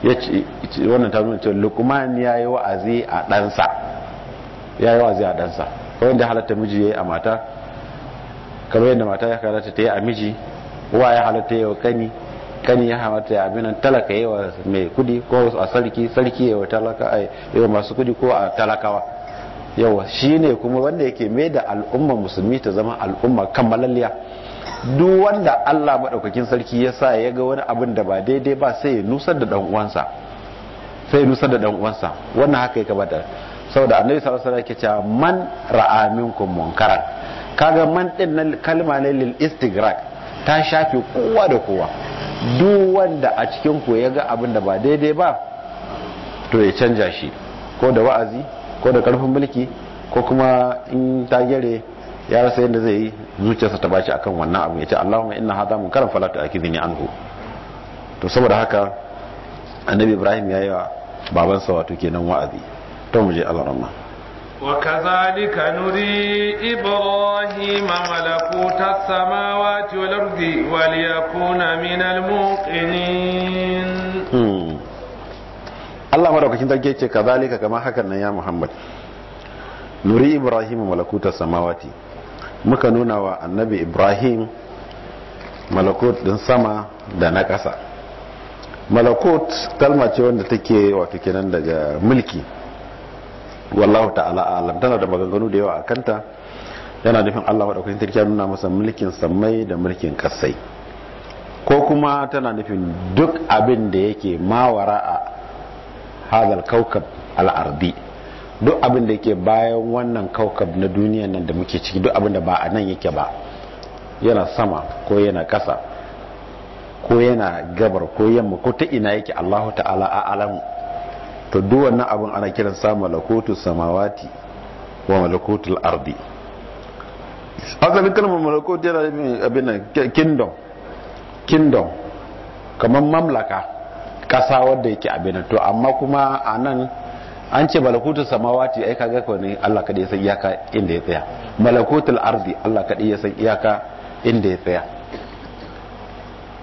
ya ce wannan ta nuna ce lukumani ya yi wa'azi a ɗansa ya yi wa'azi a ɗansa wanda halatta miji ya yi a mata kamar yadda mata ya halatta ta yi a miji wa ya halatta ya kani kani ya halatta ya abinan talaka yi wa mai kudi ko a sarki sarki yi wa talaka yi wa masu kudi ko a talakawa yawa ne kuma wanda yake mai da al'umma musulmi ta zama al'umma kammalalliya duk wanda Allah maɗaukakin sarki ya sa ya ga wani abin da ba daidai ba sai ya nusar da ɗan uwansa sai ya nusar da dan uwansa wannan haka yake bada saboda annabi sallallahu alaihi wasallam yake cewa man ra'a minkum munkaran kaga man din na kalma ne lil istighraq ta shafi kowa da kowa duk wanda a cikin ku ya ga abin da ba daidai ba to ya canja shi ko da wa'azi ko da karfin mulki ko kuma in ta gere ya rasa yadda zai yi zuciyarsa ta bashi akan wannan abu ya ce Allahumma inna hadha munkaran fala tu'akidni anhu to saboda haka annabi Ibrahim ya yi wa babansa wato kenan wa'azi to mu je Allah وكذلك نري إبراهيم ملكوت السماوات والأرض وليكون من muqinin Allah madaukakin sarki yake kazalika kamar hakan nan ya Muhammad nuri Ibrahim malakutar samawati muka nuna wa annabi Ibrahim malakut din sama da na ƙasa malakut kalma ce wanda take wato kenan daga mulki wallahu ta'ala alam tana da maganganu da yawa a kanta yana nufin Allah madaukakin sarki ya nuna masa mulkin sammai da mulkin kasai ko kuma tana nufin duk abin da yake mawara a hadal kaukab al'ardi duk abin da yake bayan wannan kaukab na duniya nan da muke ciki duk abin da ba a nan yake ba yana sama ko yana ƙasa ko yana gabar ko yamma ko ta ina yake allahu ta'ala a alamu to duk wannan abin ana kiran sa malakutu samawati wa malakutul ardi asalin kalmar malakut yana abin kingdom kingdom kamar mamlaka kasa wadda yake abin to amma kuma a nan an ce malakutu samawati ai kaga ko ne Allah kadai ya san iyaka inda ya tsaya malakutul ardi Allah kadai ya san iyaka inda ya tsaya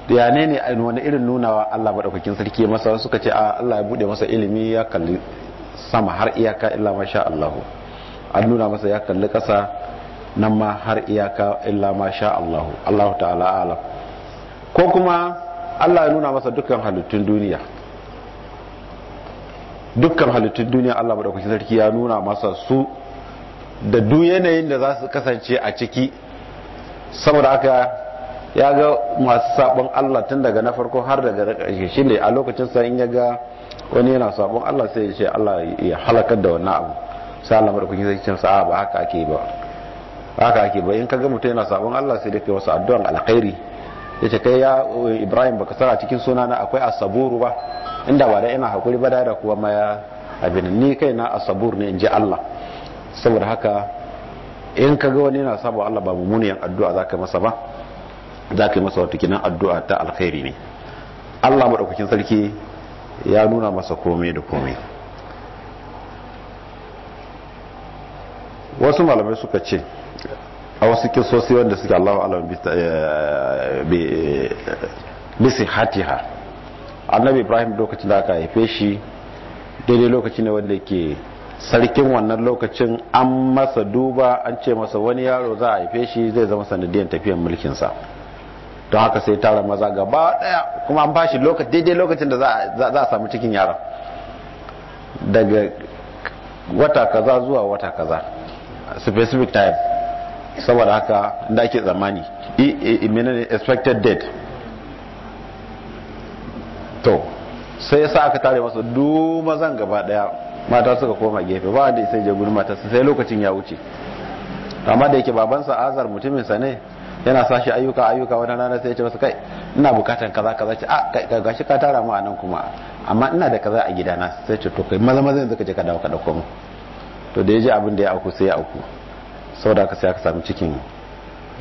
Ya ne wani irin nunawa Allah madaukakin sarki masa suka ce a Allah ya bude masa ilimi ya kalli sama har iyaka illa masha Allah an nuna masa ya kalli kasa nan ma har iyaka illa masha Allah Allah ta'ala alam ko kuma Allah ya nuna masa dukkan halittun duniya dukkan halittun duniya Allah madaukakin sarki ya nuna masa su da du yanayin da za su kasance a ciki saboda aka ya ga masu sabon Allah tun daga na farko har daga ƙarshe shi ne a lokacin sa in ya ga wani yana sabon Allah sai ya ce Allah ya halakar da wannan abu sai Allah madaukakin sarki cin sa'a ba haka ake ba haka ake ba in ka ga mutum yana sabon Allah sai dai wasu addu'an alkhairi ya ce kai ya ibrahim baka tsara cikin suna na akwai asaburu ba inda ba da ina hakuri ba da kuwa ma ya abin ni kai na asabur ne in ji Allah saboda haka in ka ga wani yana sabo Allah ba mummuniyan addu'a za ka masa ba za ka yi masa wata kinan addu'a ta alkhairi ne Allah maɗaukakin sarki ya nuna masa komai da komai wasu malamai suka ce a wasu kisosi wanda suke Allahu alam bi eh, bisi hatiha annabi ibrahim lokacin da aka haife shi daidai lokaci ne wanda ke sarkin wannan lokacin an masa duba an ce masa wani yaro za a haife shi zai zama sanadiyar tafiyar mulkinsa don haka sai tara maza gaba daya kuma an bashi daidai lokacin da za a samu cikin yaron daga wata kaza zuwa wata kaza specific time saboda haka da ake tsammani ne expected date to sai ya sa aka tare masa duma zan gaba daya mata suka koma gefe ba wanda sai jagun mata sai lokacin ya wuce amma da yake babansa azar mutuminsa ne yana sashi ayyuka ayyuka wata rana sai ya ce masa kai ina bukatan kaza kaza ce a ah, kai gashi ka tara mu a kuma amma ina da kaza a gidana sai ce to kai maza maza yanzu ka je ka dawo ka dauko mu to da ya ji abin da ya auku sai ya auku saboda aka sai aka sami cikin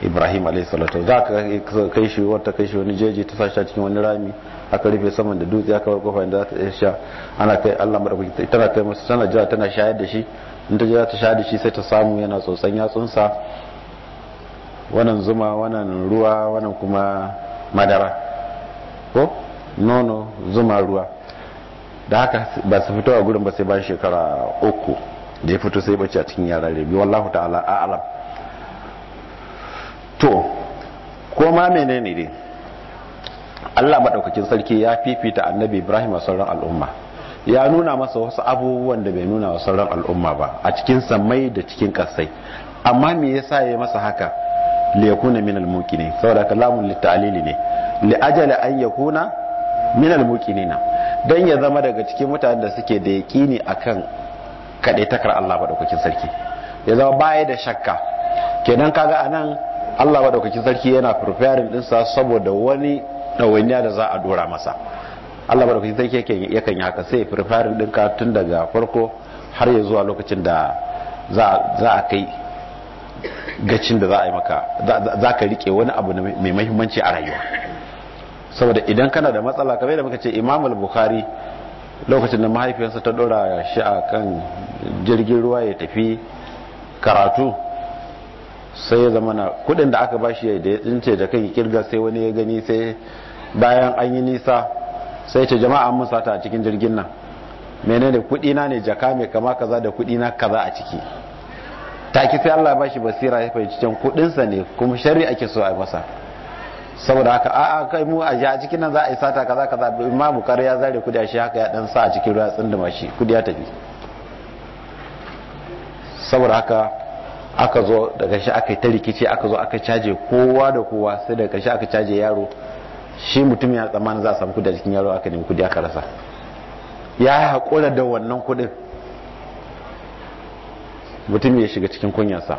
ibrahim salatu za ka kai shi wata kai shi wani jeji ta sashi cikin wani rami aka rufe saman da dutse aka bar kofa inda za ta iya sha ana kai allah marabu tana kai masu tana jira tana shayar da shi in ta jira ta shayar da shi sai ta samu yana tsotsan yatsunsa wannan zuma wannan ruwa wannan kuma madara ko nono zuma ruwa da haka ba su fito a gurin ba sai bayan shekara uku da ya fito sai bacci a cikin yara rabi wallahu ta'ala a'lam to ko ma menene ne Allah madaukakin sarki ya fifita annabi Ibrahim a sauran al'umma ya nuna masa wasu abubuwan da bai nuna wa sauran al'umma ba a cikin samai da cikin kasai amma me yasa ya masa haka li yakuna min al muqini saboda kalamun litalili ne li ajali an yakuna min al na dan ya zama daga cikin mutanen da suke da yaqini akan kaɗai takar Allah maɗaukakin sarki ya zama baya da shakka kenan kaga anan Allah maɗaukakin sarki yana preparing dinsa saboda wani ɗawainiya da za a dora masa Allah maɗaukakin sarki yakan yi haka sai furfarin preparing ɗinka tun daga farko har ya zuwa lokacin da za a kai gacin da za a yi maka za ka riƙe wani abu mai mahimmanci a rayuwa saboda idan kana da matsala kamar da muka ce imam bukhari lokacin da mahaifiyarsa ta dora shi a kan jirgin ruwa ya tafi karatu sai ya zama na kudin da aka bashi da ya tsince da kan kirga sai wani ya gani sai bayan an yi nisa sai ce jama'a mun sata a cikin jirgin nan menene kudi ne jaka mai kama kaza da kudina na kaza a ciki taki sai Allah bashi basira ya fahimci can kudinsa ne kuma shari'a ke so a masa saboda haka a a kai mu a a cikin nan za a yi sata kaza kaza imamu kare ya zare kudi shi haka ya dan sa a cikin ruwa tsin da mashi kudi ya tafi saboda haka aka zo daga shi aka yi ta rikici aka zo aka caje kowa da kowa sai daga shi aka caje yaro shi mutum ya tsammanin za a samu kudi a cikin yaro aka nemi kudi aka rasa ya haƙura da wannan kudin mutum ya shiga cikin kunyarsa.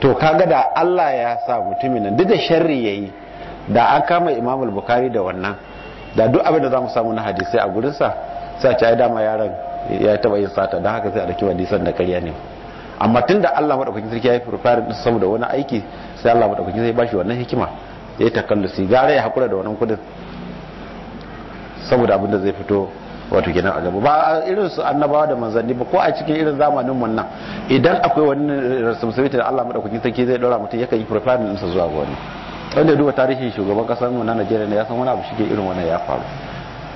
to kaga da Allah ya sa mutumin nan duk da sharri yayi da an kama imam al-bukhari da wannan da duk abin da za mu samu na hadisai a gurinsa sai ta yi dama yaron ya taba yin sata don haka sai a daki hadisan da karya ne amma tun da Allah madaukakin sarki ya yi furfarin din saboda wani aiki sai Allah madaukakin sai ba shi wannan hikima ya yi takallusi gara ya hakura da wannan kudin saboda abin da zai fito wato kenan a gaba ba irin su annabawa da manzanni ba ko a cikin irin zamanin mun nan idan akwai wani responsibility da Allah madaukakin sarki zai dora mutum yakan yi preparing din sa zuwa ga wani wanda duba tarihin shugaban kasar mu na Najeriya ne ya san wani abu shige irin wannan ya faru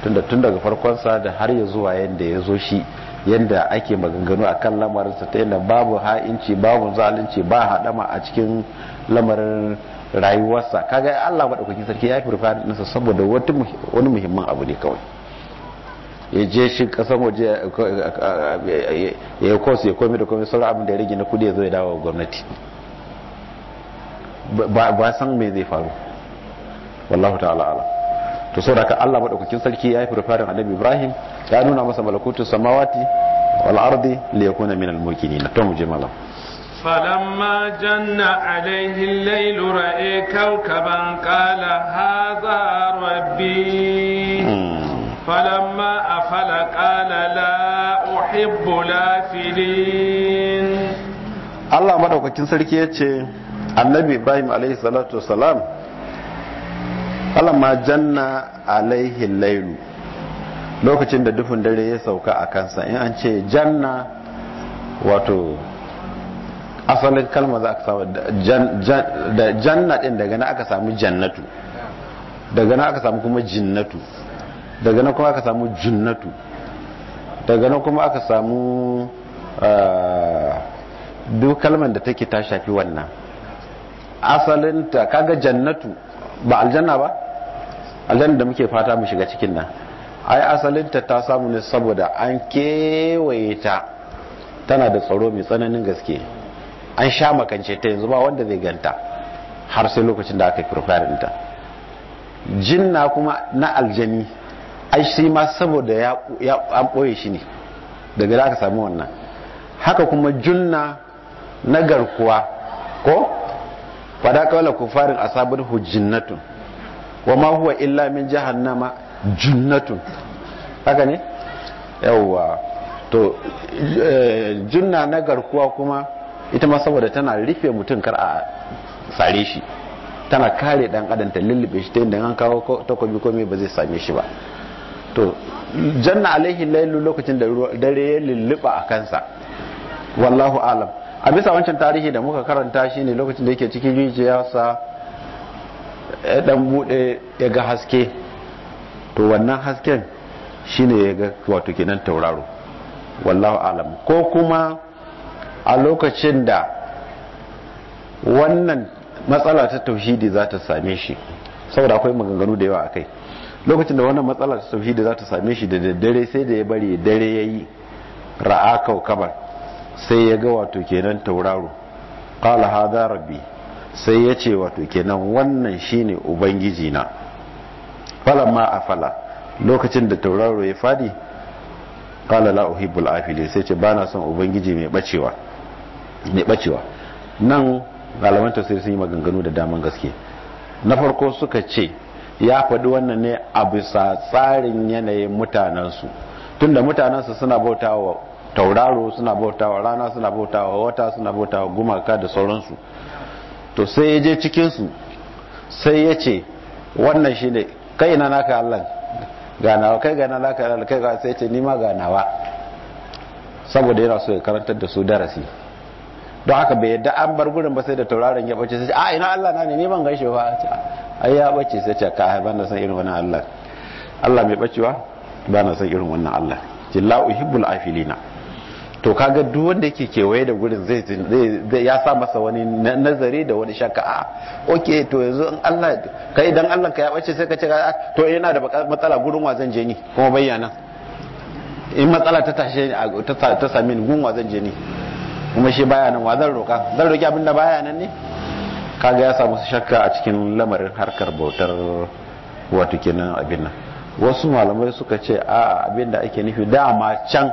tunda tun daga farkon sa da har ya zuwa yanda ya zo shi yanda ake maganganu akan lamarin sa ta yanda babu ha'inci babu zalunci ba hadama a cikin lamarin rayuwarsa kaga Allah madaukakin sarki ya firfa nasa saboda wani muhimman abu ne kawai ya je shi kasan waje ya kosu ya komi da komi sauran abin da ya rage na kudi ya zo ya dawo gwamnati ba san me zai faru wallahu ta'ala ala to saboda ka Allah madaukakin sarki ya yi firfarin annabi Ibrahim ya nuna masa malakutu samawati wal ardi li yakuna min al muqinin to mu je malam فلما جن عليه الليل رأي كوكبا قال هذا ربي فلما أفل قال لا أحب لافلين الله مدعوك كن ce. annabi ibrahim alaihi salatu wasalam alama janna alaihi lailu lokacin da dufin dare ya sauka a kansa in an ce janna wato asalin kalma za a samu da janna din daga na aka samu jannatu daga na aka samu kuma jinnatu daga na kuma aka samu jinnatu daga na kuma aka samu ah, duk kalmar da take ta shafi wannan asalinta kaga jannatu ba aljanna ba aljanna da muke fata mu shiga cikin nan ai asalinta ta samu ne saboda an kewaye ta tana da tsaro mai tsananin gaske an sha makance ta yanzu ba wanda zai ganta har sai lokacin da aka yi preparing ta jinna kuma na aljani ai shi ma saboda ya an ɓoye shi ne daga da aka samu wannan haka kuma junna na garkuwa ko fada kawala kufarin asabar hujjinnatun wa ma huwa illa min jahannama junnatun haka ne yawwa to eh, junna na garkuwa kuma ita ma saboda tana rufe mutum kar a sare shi tana kare dan adam ta lullube shi ta da an kawo takobi komai ba zai same shi ba to janna alaihi lailu lokacin da dare ya lulluba a kansa wallahu alam a bisa wancan tarihi da muka karanta shi ne lokacin da yake cikin rijiyarsa ya dan bude ya ga haske to wannan hasken shi ne ya ga wato kenan tauraro wallahu alam ko kuma a lokacin da wannan matsala ta tauhidi za ta same shi saboda akwai maganganu da yawa a kai lokacin da wannan matsala ta tauhidi za ta same shi da daddare sai da ya bari dare ya yi ra'a kaukabar sai ya ga wato kenan tauraro qala hadha rabbi sai ya ce wato kenan wannan shine ubangiji na a afala lokacin da tauraro ya fadi qala la uhibbul sai ce bana son ubangiji mai bacewa nan galamanta tafsir sun yi maganganu da daman gaske na farko suka ce ya faɗi wannan ne a bisa tsarin yanayin mutanensu tunda mutanensu suna bauta wa tauraro suna bautawa rana suna bautawa wata suna bautawa gumaka da sauransu to sai ya je cikinsu sai ya ce wannan shi ne kai na naka allah ganawa kai gana naka allah kai ga sai ce nima ganawa saboda yana so ya karantar da su darasi don haka bai yadda an bar gurin ba sai da tauraron ya bace sai ce a ah, ina allah na ne neman gaishe ba ai ya bace sai ce ka haifar da san irin wannan allah allah mai bacewa ba na san irin wannan allah jilla uhibbul afilina to kaga duk wanda yake kewaye da gurin zai zai ya sa masa wani nazari da wani shakka a oke to yanzu in Allah kai dan Allah ka ya bace sai ka ce to yana eh, da matsala gurin wa zan je ni kuma bayyana in matsala ta tashe ta sami ni gurin wa zan je ni kuma shi baya nan wa zan roka zan roki abinda baya nan ne kaga ya sa masa shakka a cikin lamarin harkar bautar wato kenan abin nan wasu malamai suka ce a abinda ake nufi dama can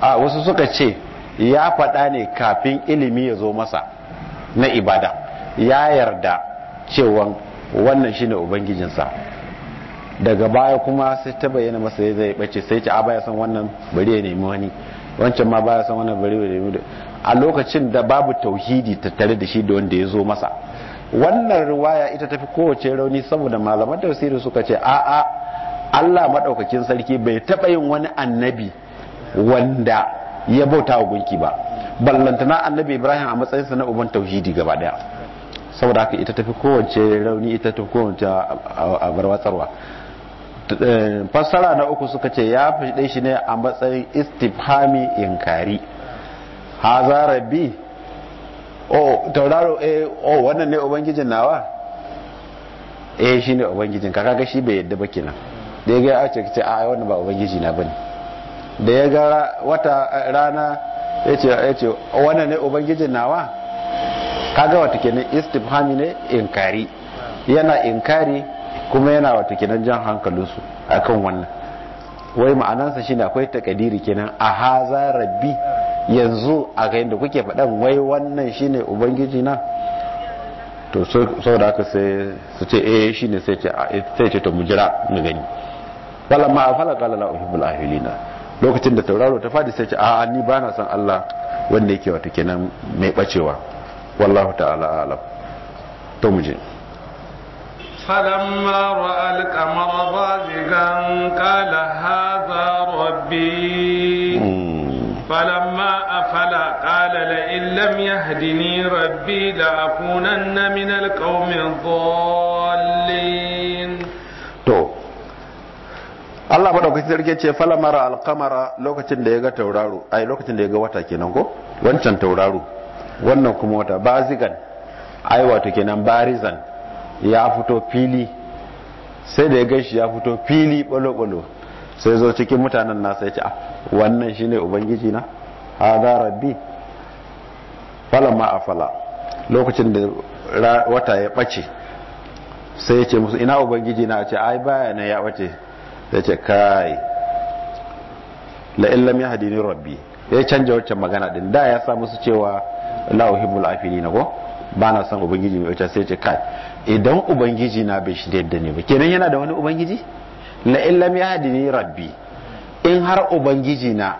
a wasu suka ce ya faɗa ne kafin ilimi ya zo masa na ibada ya yarda cewa wannan shine ubangijinsa daga baya kuma sai ta bayyana masa ya zai bace sai ce a baya san wannan bari ya nemi wani wancan ma baya san wannan bari ya nemi a lokacin da babu tauhidi tattare da shi da wanda ya zo masa wannan ruwaya ita tafi kowace rauni saboda malaman tafsiri suka ce a'a Allah maɗaukakin sarki bai taɓa yin wani annabi wanda ya bauta wa gunki ba ballantana annabi ibrahim a matsayinsa na uban tauhidi gaba daya saboda haka ita tafi kowace rauni ita tafi kowace abarwatsarwa eh, fassara na uku suka ce ya fi shi ne a matsayin istifhami inkari haza Rabi, o tauraro eh o wannan ne ubangijin nawa eh shine ubangijin ka kaga shi bai yadda ba kenan da ya ga ya ce a wannan ba ubangiji na bane da ya ga wata eh, rana ya ce wannan ne ubangijin nawa kaga wata kenan istifhami ne inkari yana inkari kuma yana wata kenan jan hankalinsu akan wannan wai ma'anansa shi ne akwai takadiri kenan a haza rabbi yanzu a ga yadda kuke faɗan wai wannan ne ubangiji na to sau da aka sai su ce eh shine sai ce to mu jira mu gani falama a qala uhibbul ahilina lokacin da tauraro ta fadi sai ce a'a ni ba na san Allah wanda yake wata kenan mai bacewa wallahu ta'ala alam to mu je فلما رأى القمر بازغا قال هذا ربي فلما أفل قال لئن لم يهدني ربي لأكونن من القوم الضالين Allah madaukakin sarki ce fala mara lokacin da ya ga tauraro ai lokacin da ya ga wata kenan ko wancan tauraro wannan kuma wata bazigan ai wato kenan barizan ya fito fili sai da ya gashi ya fito fili bolo-bolo, sai zo cikin mutanen nasa ya ce ah, wannan shine ubangiji na hada rabbi fala ma afala lokacin da wata ya bace sai ya ce musu ina ubangiji na a ce ai baya ne ya bace ya ce kai la'illam ya hadini rabbi ya canja waccan magana din da ya sa musu cewa la'uhimmul afini na ko ba na san ubangiji mai wacce sai ce kai idan ubangiji na bai shi da ne ba kenan yana da wani ubangiji la'illam ya hadini rabbi in har ubangiji na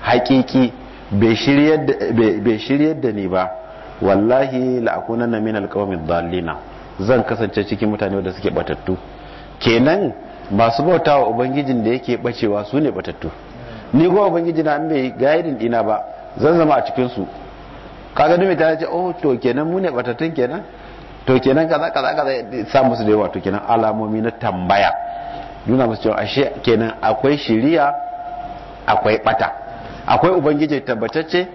hakiki bai shiryar da ni ba wallahi la'akunan na min alkawamin zallina zan kasance cikin mutane wadda suke batattu kenan masu bauta wa ubangijin da yake bacewa su ne batattu ni kuma ubangiji na an bai gaidin dina ba zan zama a cikin su kaga dume ta ce oh to kenan mu ne batattun kenan to kenan kaza kaza kaza sa musu da yawa to kenan alamomi na tambaya nuna musu cewa ashe kenan akwai shiriya akwai bata akwai ubangiji tabbatacce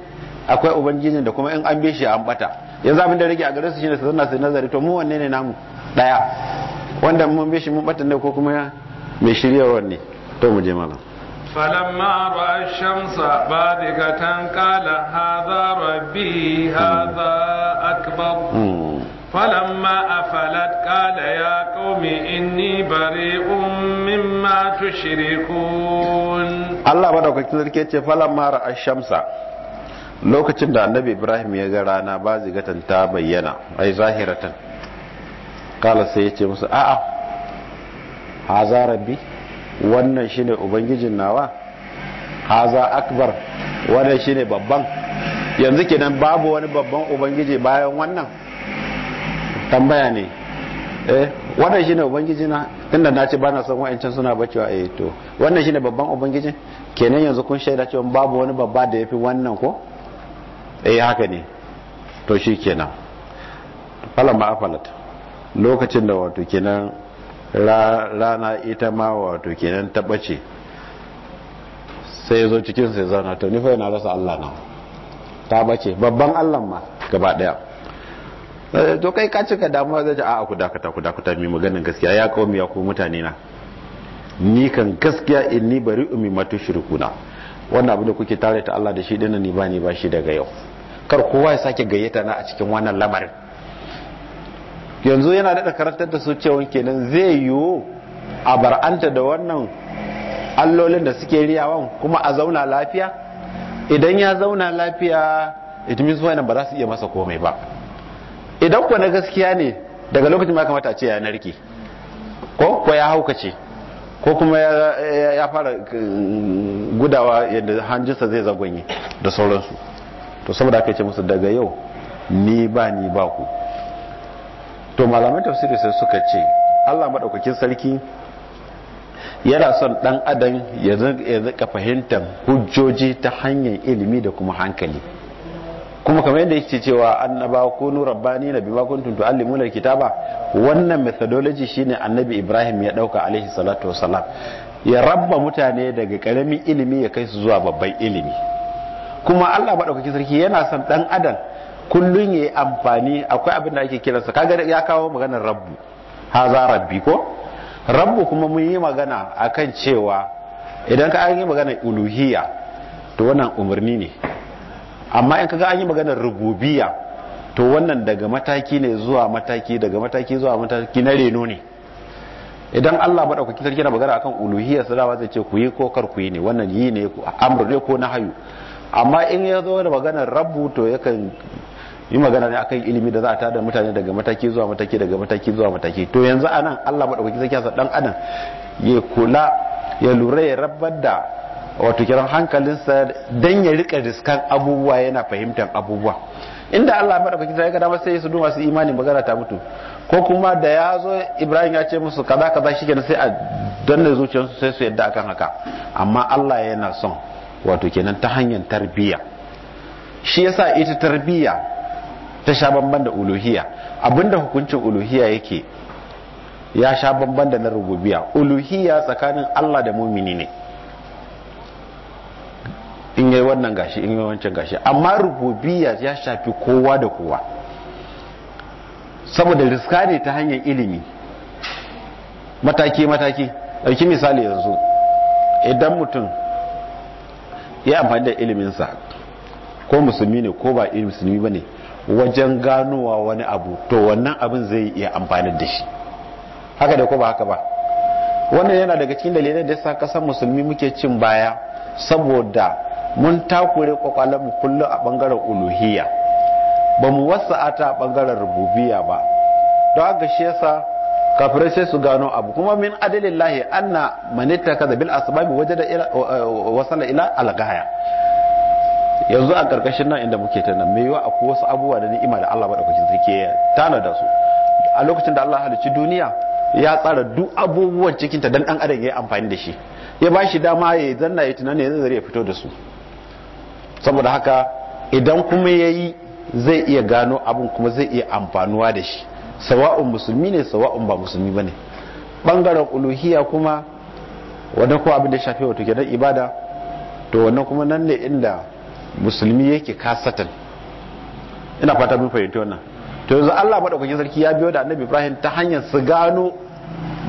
akwai ubangiji da kuma in an bi shi an bata yanzu abin da rage a garin su shine su zanna su nazari to mu wanne ne namu daya wanda mun bishi mun batan da ko kuma ya mai shiryarwar ne to mu je mana falamma ra shamsa badigatan qala hadha rabbi hadha akbar hmm. falamma afalat qala ya qaumi inni bari'un mimma tushrikun Allah madaukakin sarki yace falamma ra shamsa lokacin da annabi ibrahim ya ga rana ba zigatan ta bayyana ai zahiratan kala sai ya ce musu a'a haza rabbi wannan shine ubangijin nawa haza akbar wannan shine babban yanzu kenan babu wani babban ubangiji bayan wannan tambaya ne eh wannan shine ubangiji na tunda na ce bana son wa'ancan suna bacewa eh to wannan shine babban ubangiji kenan yanzu kun shaida cewa babu wani babba da yafi wannan ko eh haka ne to shikenan falan ba afalat lokacin da wato kenan rana ita ma wato kenan ta sai ya zo cikin sai zana to nifa yana rasa Allah na ta bace babban Allah ma gaba daya eh, to kai ka cika damuwa zai ji a'a ku dakata ku dakata mi maganin gaskiya ya kawo ya ku mutane na ni kan gaskiya in ni bari umi matu shirkuna wannan abu da kuke tare ta Allah da shi dinan ni ba ni ba shi daga yau kar kowa ya sake gayyata na a cikin wannan lamarin yanzu yana daɗa karantar da su kenan zai yiwu a bar'anta da wannan allolin da suke riyawan kuma a zauna lafiya idan ya zauna lafiya it means wannan ba za su iya masa komai ba idan kuwa na gaskiya ne daga lokacin ma kamata ce ya narke ko kwa ya haukace ko kuma ya fara mm, gudawa yadda hanjinsa zai zagonye da sauransu to saboda aka ce musu daga yau ni ba ni ba ku to malamai tafsiri sai suka ce Allah madaukakin sarki yana son dan adam ya fahimtar hujjoji ta hanyar ilimi da kuma hankali kuma kamar yadda yake cewa annaba nura, bani, na bima kuntum tuallimuna alkitaba wannan methodology shine annabi Ibrahim ya ɗauka alaihi salatu wasalam ya rabba mutane daga karamin ilimi ya kai su zuwa babban ilimi kuma Allah madaukakin sarki yana son dan adam kullun yi amfani akwai abin da ake kiransa kaga ya kawo maganar rabbu haza rabbi ko rabbu kuma mun yi magana akan cewa idan ka an yi maganar uluhiyya to wannan umarni ne amma in kaga an yi maganar rububiyya to wannan daga mataki ne zuwa mataki daga mataki zuwa mataki na reno ne idan Allah madaukaki sarki na magana akan uluhiyya sadawa zai ce ku yi ko kar ku yi ne wannan yi ne amru ne ko na hayu amma in ya zo da maganar rabbu to yakan yi magana ne akan ilimi da za a tada mutane daga mataki zuwa mataki daga mataki zuwa mataki to yanzu anan Allah maɗaukaki zai kyasa ɗan adam ya kula ya lura ya rabar da wato kiran hankalinsa don ya rika riskan abubuwa yana fahimtar abubuwa inda Allah madaukaki zai ga dama sai su duma su imani magana ta mutu ko kuma da ya zo Ibrahim ya ce musu kaza kaza shikenan sai a danna zuciyarsu sai su yadda akan haka amma Allah yana son wato kenan ta hanyar tarbiyya shi yasa ita tarbiyya ta sha bamban da uluhiya abinda hukuncin uluhiya yake ya sha bamban da na rububiya uluhiya tsakanin Allah da mumini ne in yi wannan gashi in yi wancan gashi amma rububiya ya shafi kowa da kowa saboda riska ne ta hanyar ilimi mataki-mataki ɗauki misali yanzu idan mutum ya amfani da iliminsa ko musulmi ne ko ba musulmi ba ne wajen ganowa wani abu to wannan abin zai iya amfani da shi haka da ko ba haka ba wannan yana daga cikin dalilai da sa kasar musulmi muke cin baya saboda mun takure mu kullum a bangaren uluhiya. ba mu ata a bangaren rububiya ba don haka shi yasa kafirai sai su gano abu kuma min adalillahi anna man ittakaza bil asbab wajada wasala ila al yanzu a karkashin nan inda muke tana mai yiwa akwai wasu abubuwa da ni'ima da Allah madaukakin sarki ya tana da su a lokacin da Allah halicci duniya ya tsara duk abubuwan cikin ta dan dan adam ya yi amfani da shi ya ba shi dama ya zanna ya tunani yanzu ya fito da su saboda haka idan kuma yayi zai iya gano abin kuma zai iya amfanuwa da shi sawa'un musulmi ne sawa'un ba musulmi bane bangaren uluhiyya kuma wannan kuma abin da shafi wato kenan ibada to wannan kuma nan ne inda musulmi yake kasatan ina fata mun fahimta wannan to yanzu Allah madaukakin sarki ya biyo da annabi Ibrahim ta hanyar su gano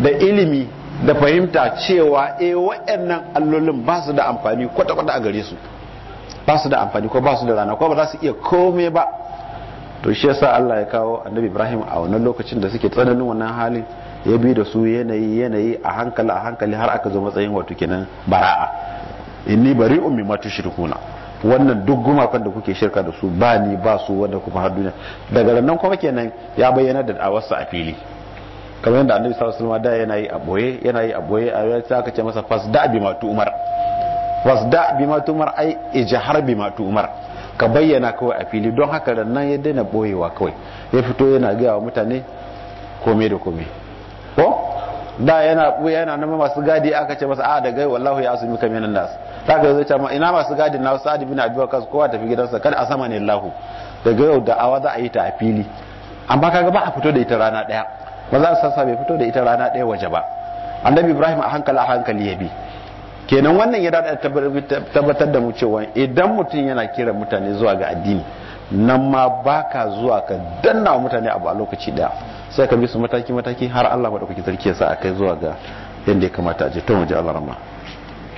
da ilimi da fahimta cewa eh waɗannan allolin ba su da amfani kwata-kwata a gare su ba su da amfani ko ba su da rana ko ba za su iya komai ba to shi yasa Allah ya kawo annabi Ibrahim a wannan lokacin da suke tsananin wannan halin ya bi da su yanayi yanayi a hankali a hankali har aka zo matsayin wato kenan bara'a inni bari'un mimma tushrikuna wannan duk gumakan da kuke shirka da su ba ni ba su wanda kuma har duniya daga nan kuma kenan ya bayyana da da'awarsa a fili kamar yadda annabi sallallahu alaihi wasallam da yana yi a boye yana yi a boye a yau aka ce masa fasda bi ma umar fasda bi ma umar ai ijhar bi ma umar ka bayyana kawai a fili don haka da nan ya daina boyewa kawai ya fito yana gaya wa mutane komai da komai ko da yana buya yana nan masu gadi aka ce masa a ah, da gai wallahi ya asumi kaminan nasu ta ga zai ma ina masu gadin na adibi na abi kasu kowa tafi gidansa kada a sama ne lahu daga yau da awa za a yi ta a fili amma kaga ba a fito da ita rana daya ba za a sassa bai fito da ita rana daya waje ba annabi ibrahim a hankali a hankali ya bi kenan wannan ya dada tabbatar da mu cewa idan mutum yana kira mutane zuwa ga addini nan ma baka zuwa ka danna wa mutane abu a lokaci daya sai ka bi su mataki mataki har Allah madaukakin sarki ya sa kai zuwa ga yadda ya kamata a je to mu ji Allah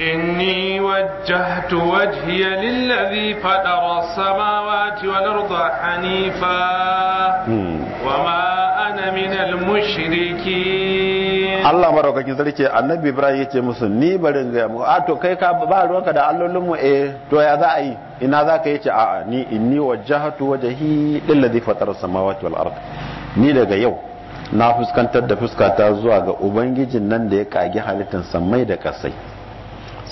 إني وجهت وجهي للذي فطر السماوات والأرض حنيفا hmm. وما أنا من المشركين الله مرaukakin sarki annabi Ibrahim yace musu ni barin gaya muku مو ah, to kai ka ba ruwanka da الله لمو eh. to ya za a yi ina za ka yace a'a ni inni wajjahatu wajhi lillazi fatara samawati wal ard ni daga yau na fuskantar da fuskata zuwa ga ubangijin nan da ya kage halittar samai da kasai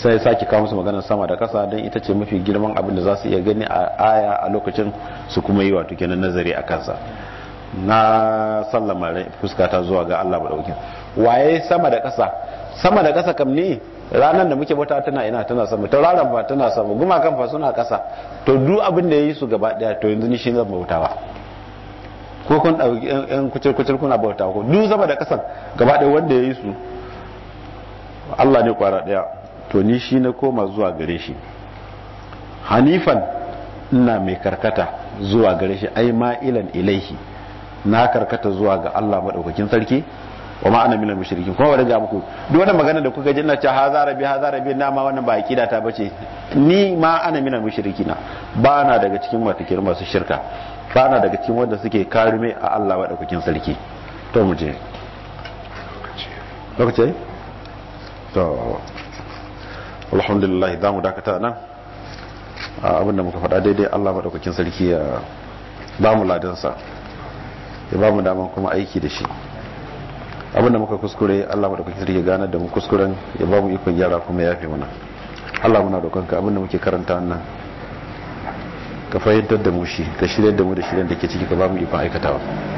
sai sake kawo musu maganar sama da kasa don ita ce mafi girman abin da za su iya gani a aya a lokacin su kuma yi wato kenan nazari a kansa na sallama fuskata zuwa ga Allah wukin. waye sama da kasa sama da kasa kam ne ranar da muke bauta tana ina tana sama tauraron ba tana sama gumakan fa suna kasa to duk abin da yayi su gaba daya to yanzu ni shi zan bautawa ko kun dauki yan kucir kucir kuna bautawa ko duk sama da kasan gaba daya wanda yayi su Allah ne kwara daya to ni shi na koma zuwa gare shi hanifan ina mai karkata zuwa gare shi ai ma'ilan ilaihi na karkata zuwa ga Allah madaukakin sarki wa ma ana minal mushrikin kuma ga muku duk wannan magana da kuka ji ina ce haza rabi haza rabi na ma wannan ba aqida ta bace ni ma ana minal mushrikin ba na daga cikin matakir masu shirka ba na daga cikin wanda suke karime a Allah madaukakin sarki to mu je lokaci to alhamdulillah za mu dakata nan abinda muka faɗa daidai allah maɗaukakin sarki ya ba mu ladansa ya ba mu daman kuma aiki da shi abinda muka kuskure allah maɗaukakin sarki ya ganar da mu kuskuren ya ba mu ikon gyara kuma ya fi muna allah muna roƙonka abinda muke karanta nan ka fahimtar da mu shi ka shirya da mu da shirya da ke ciki ka ba mu ikon aikatawa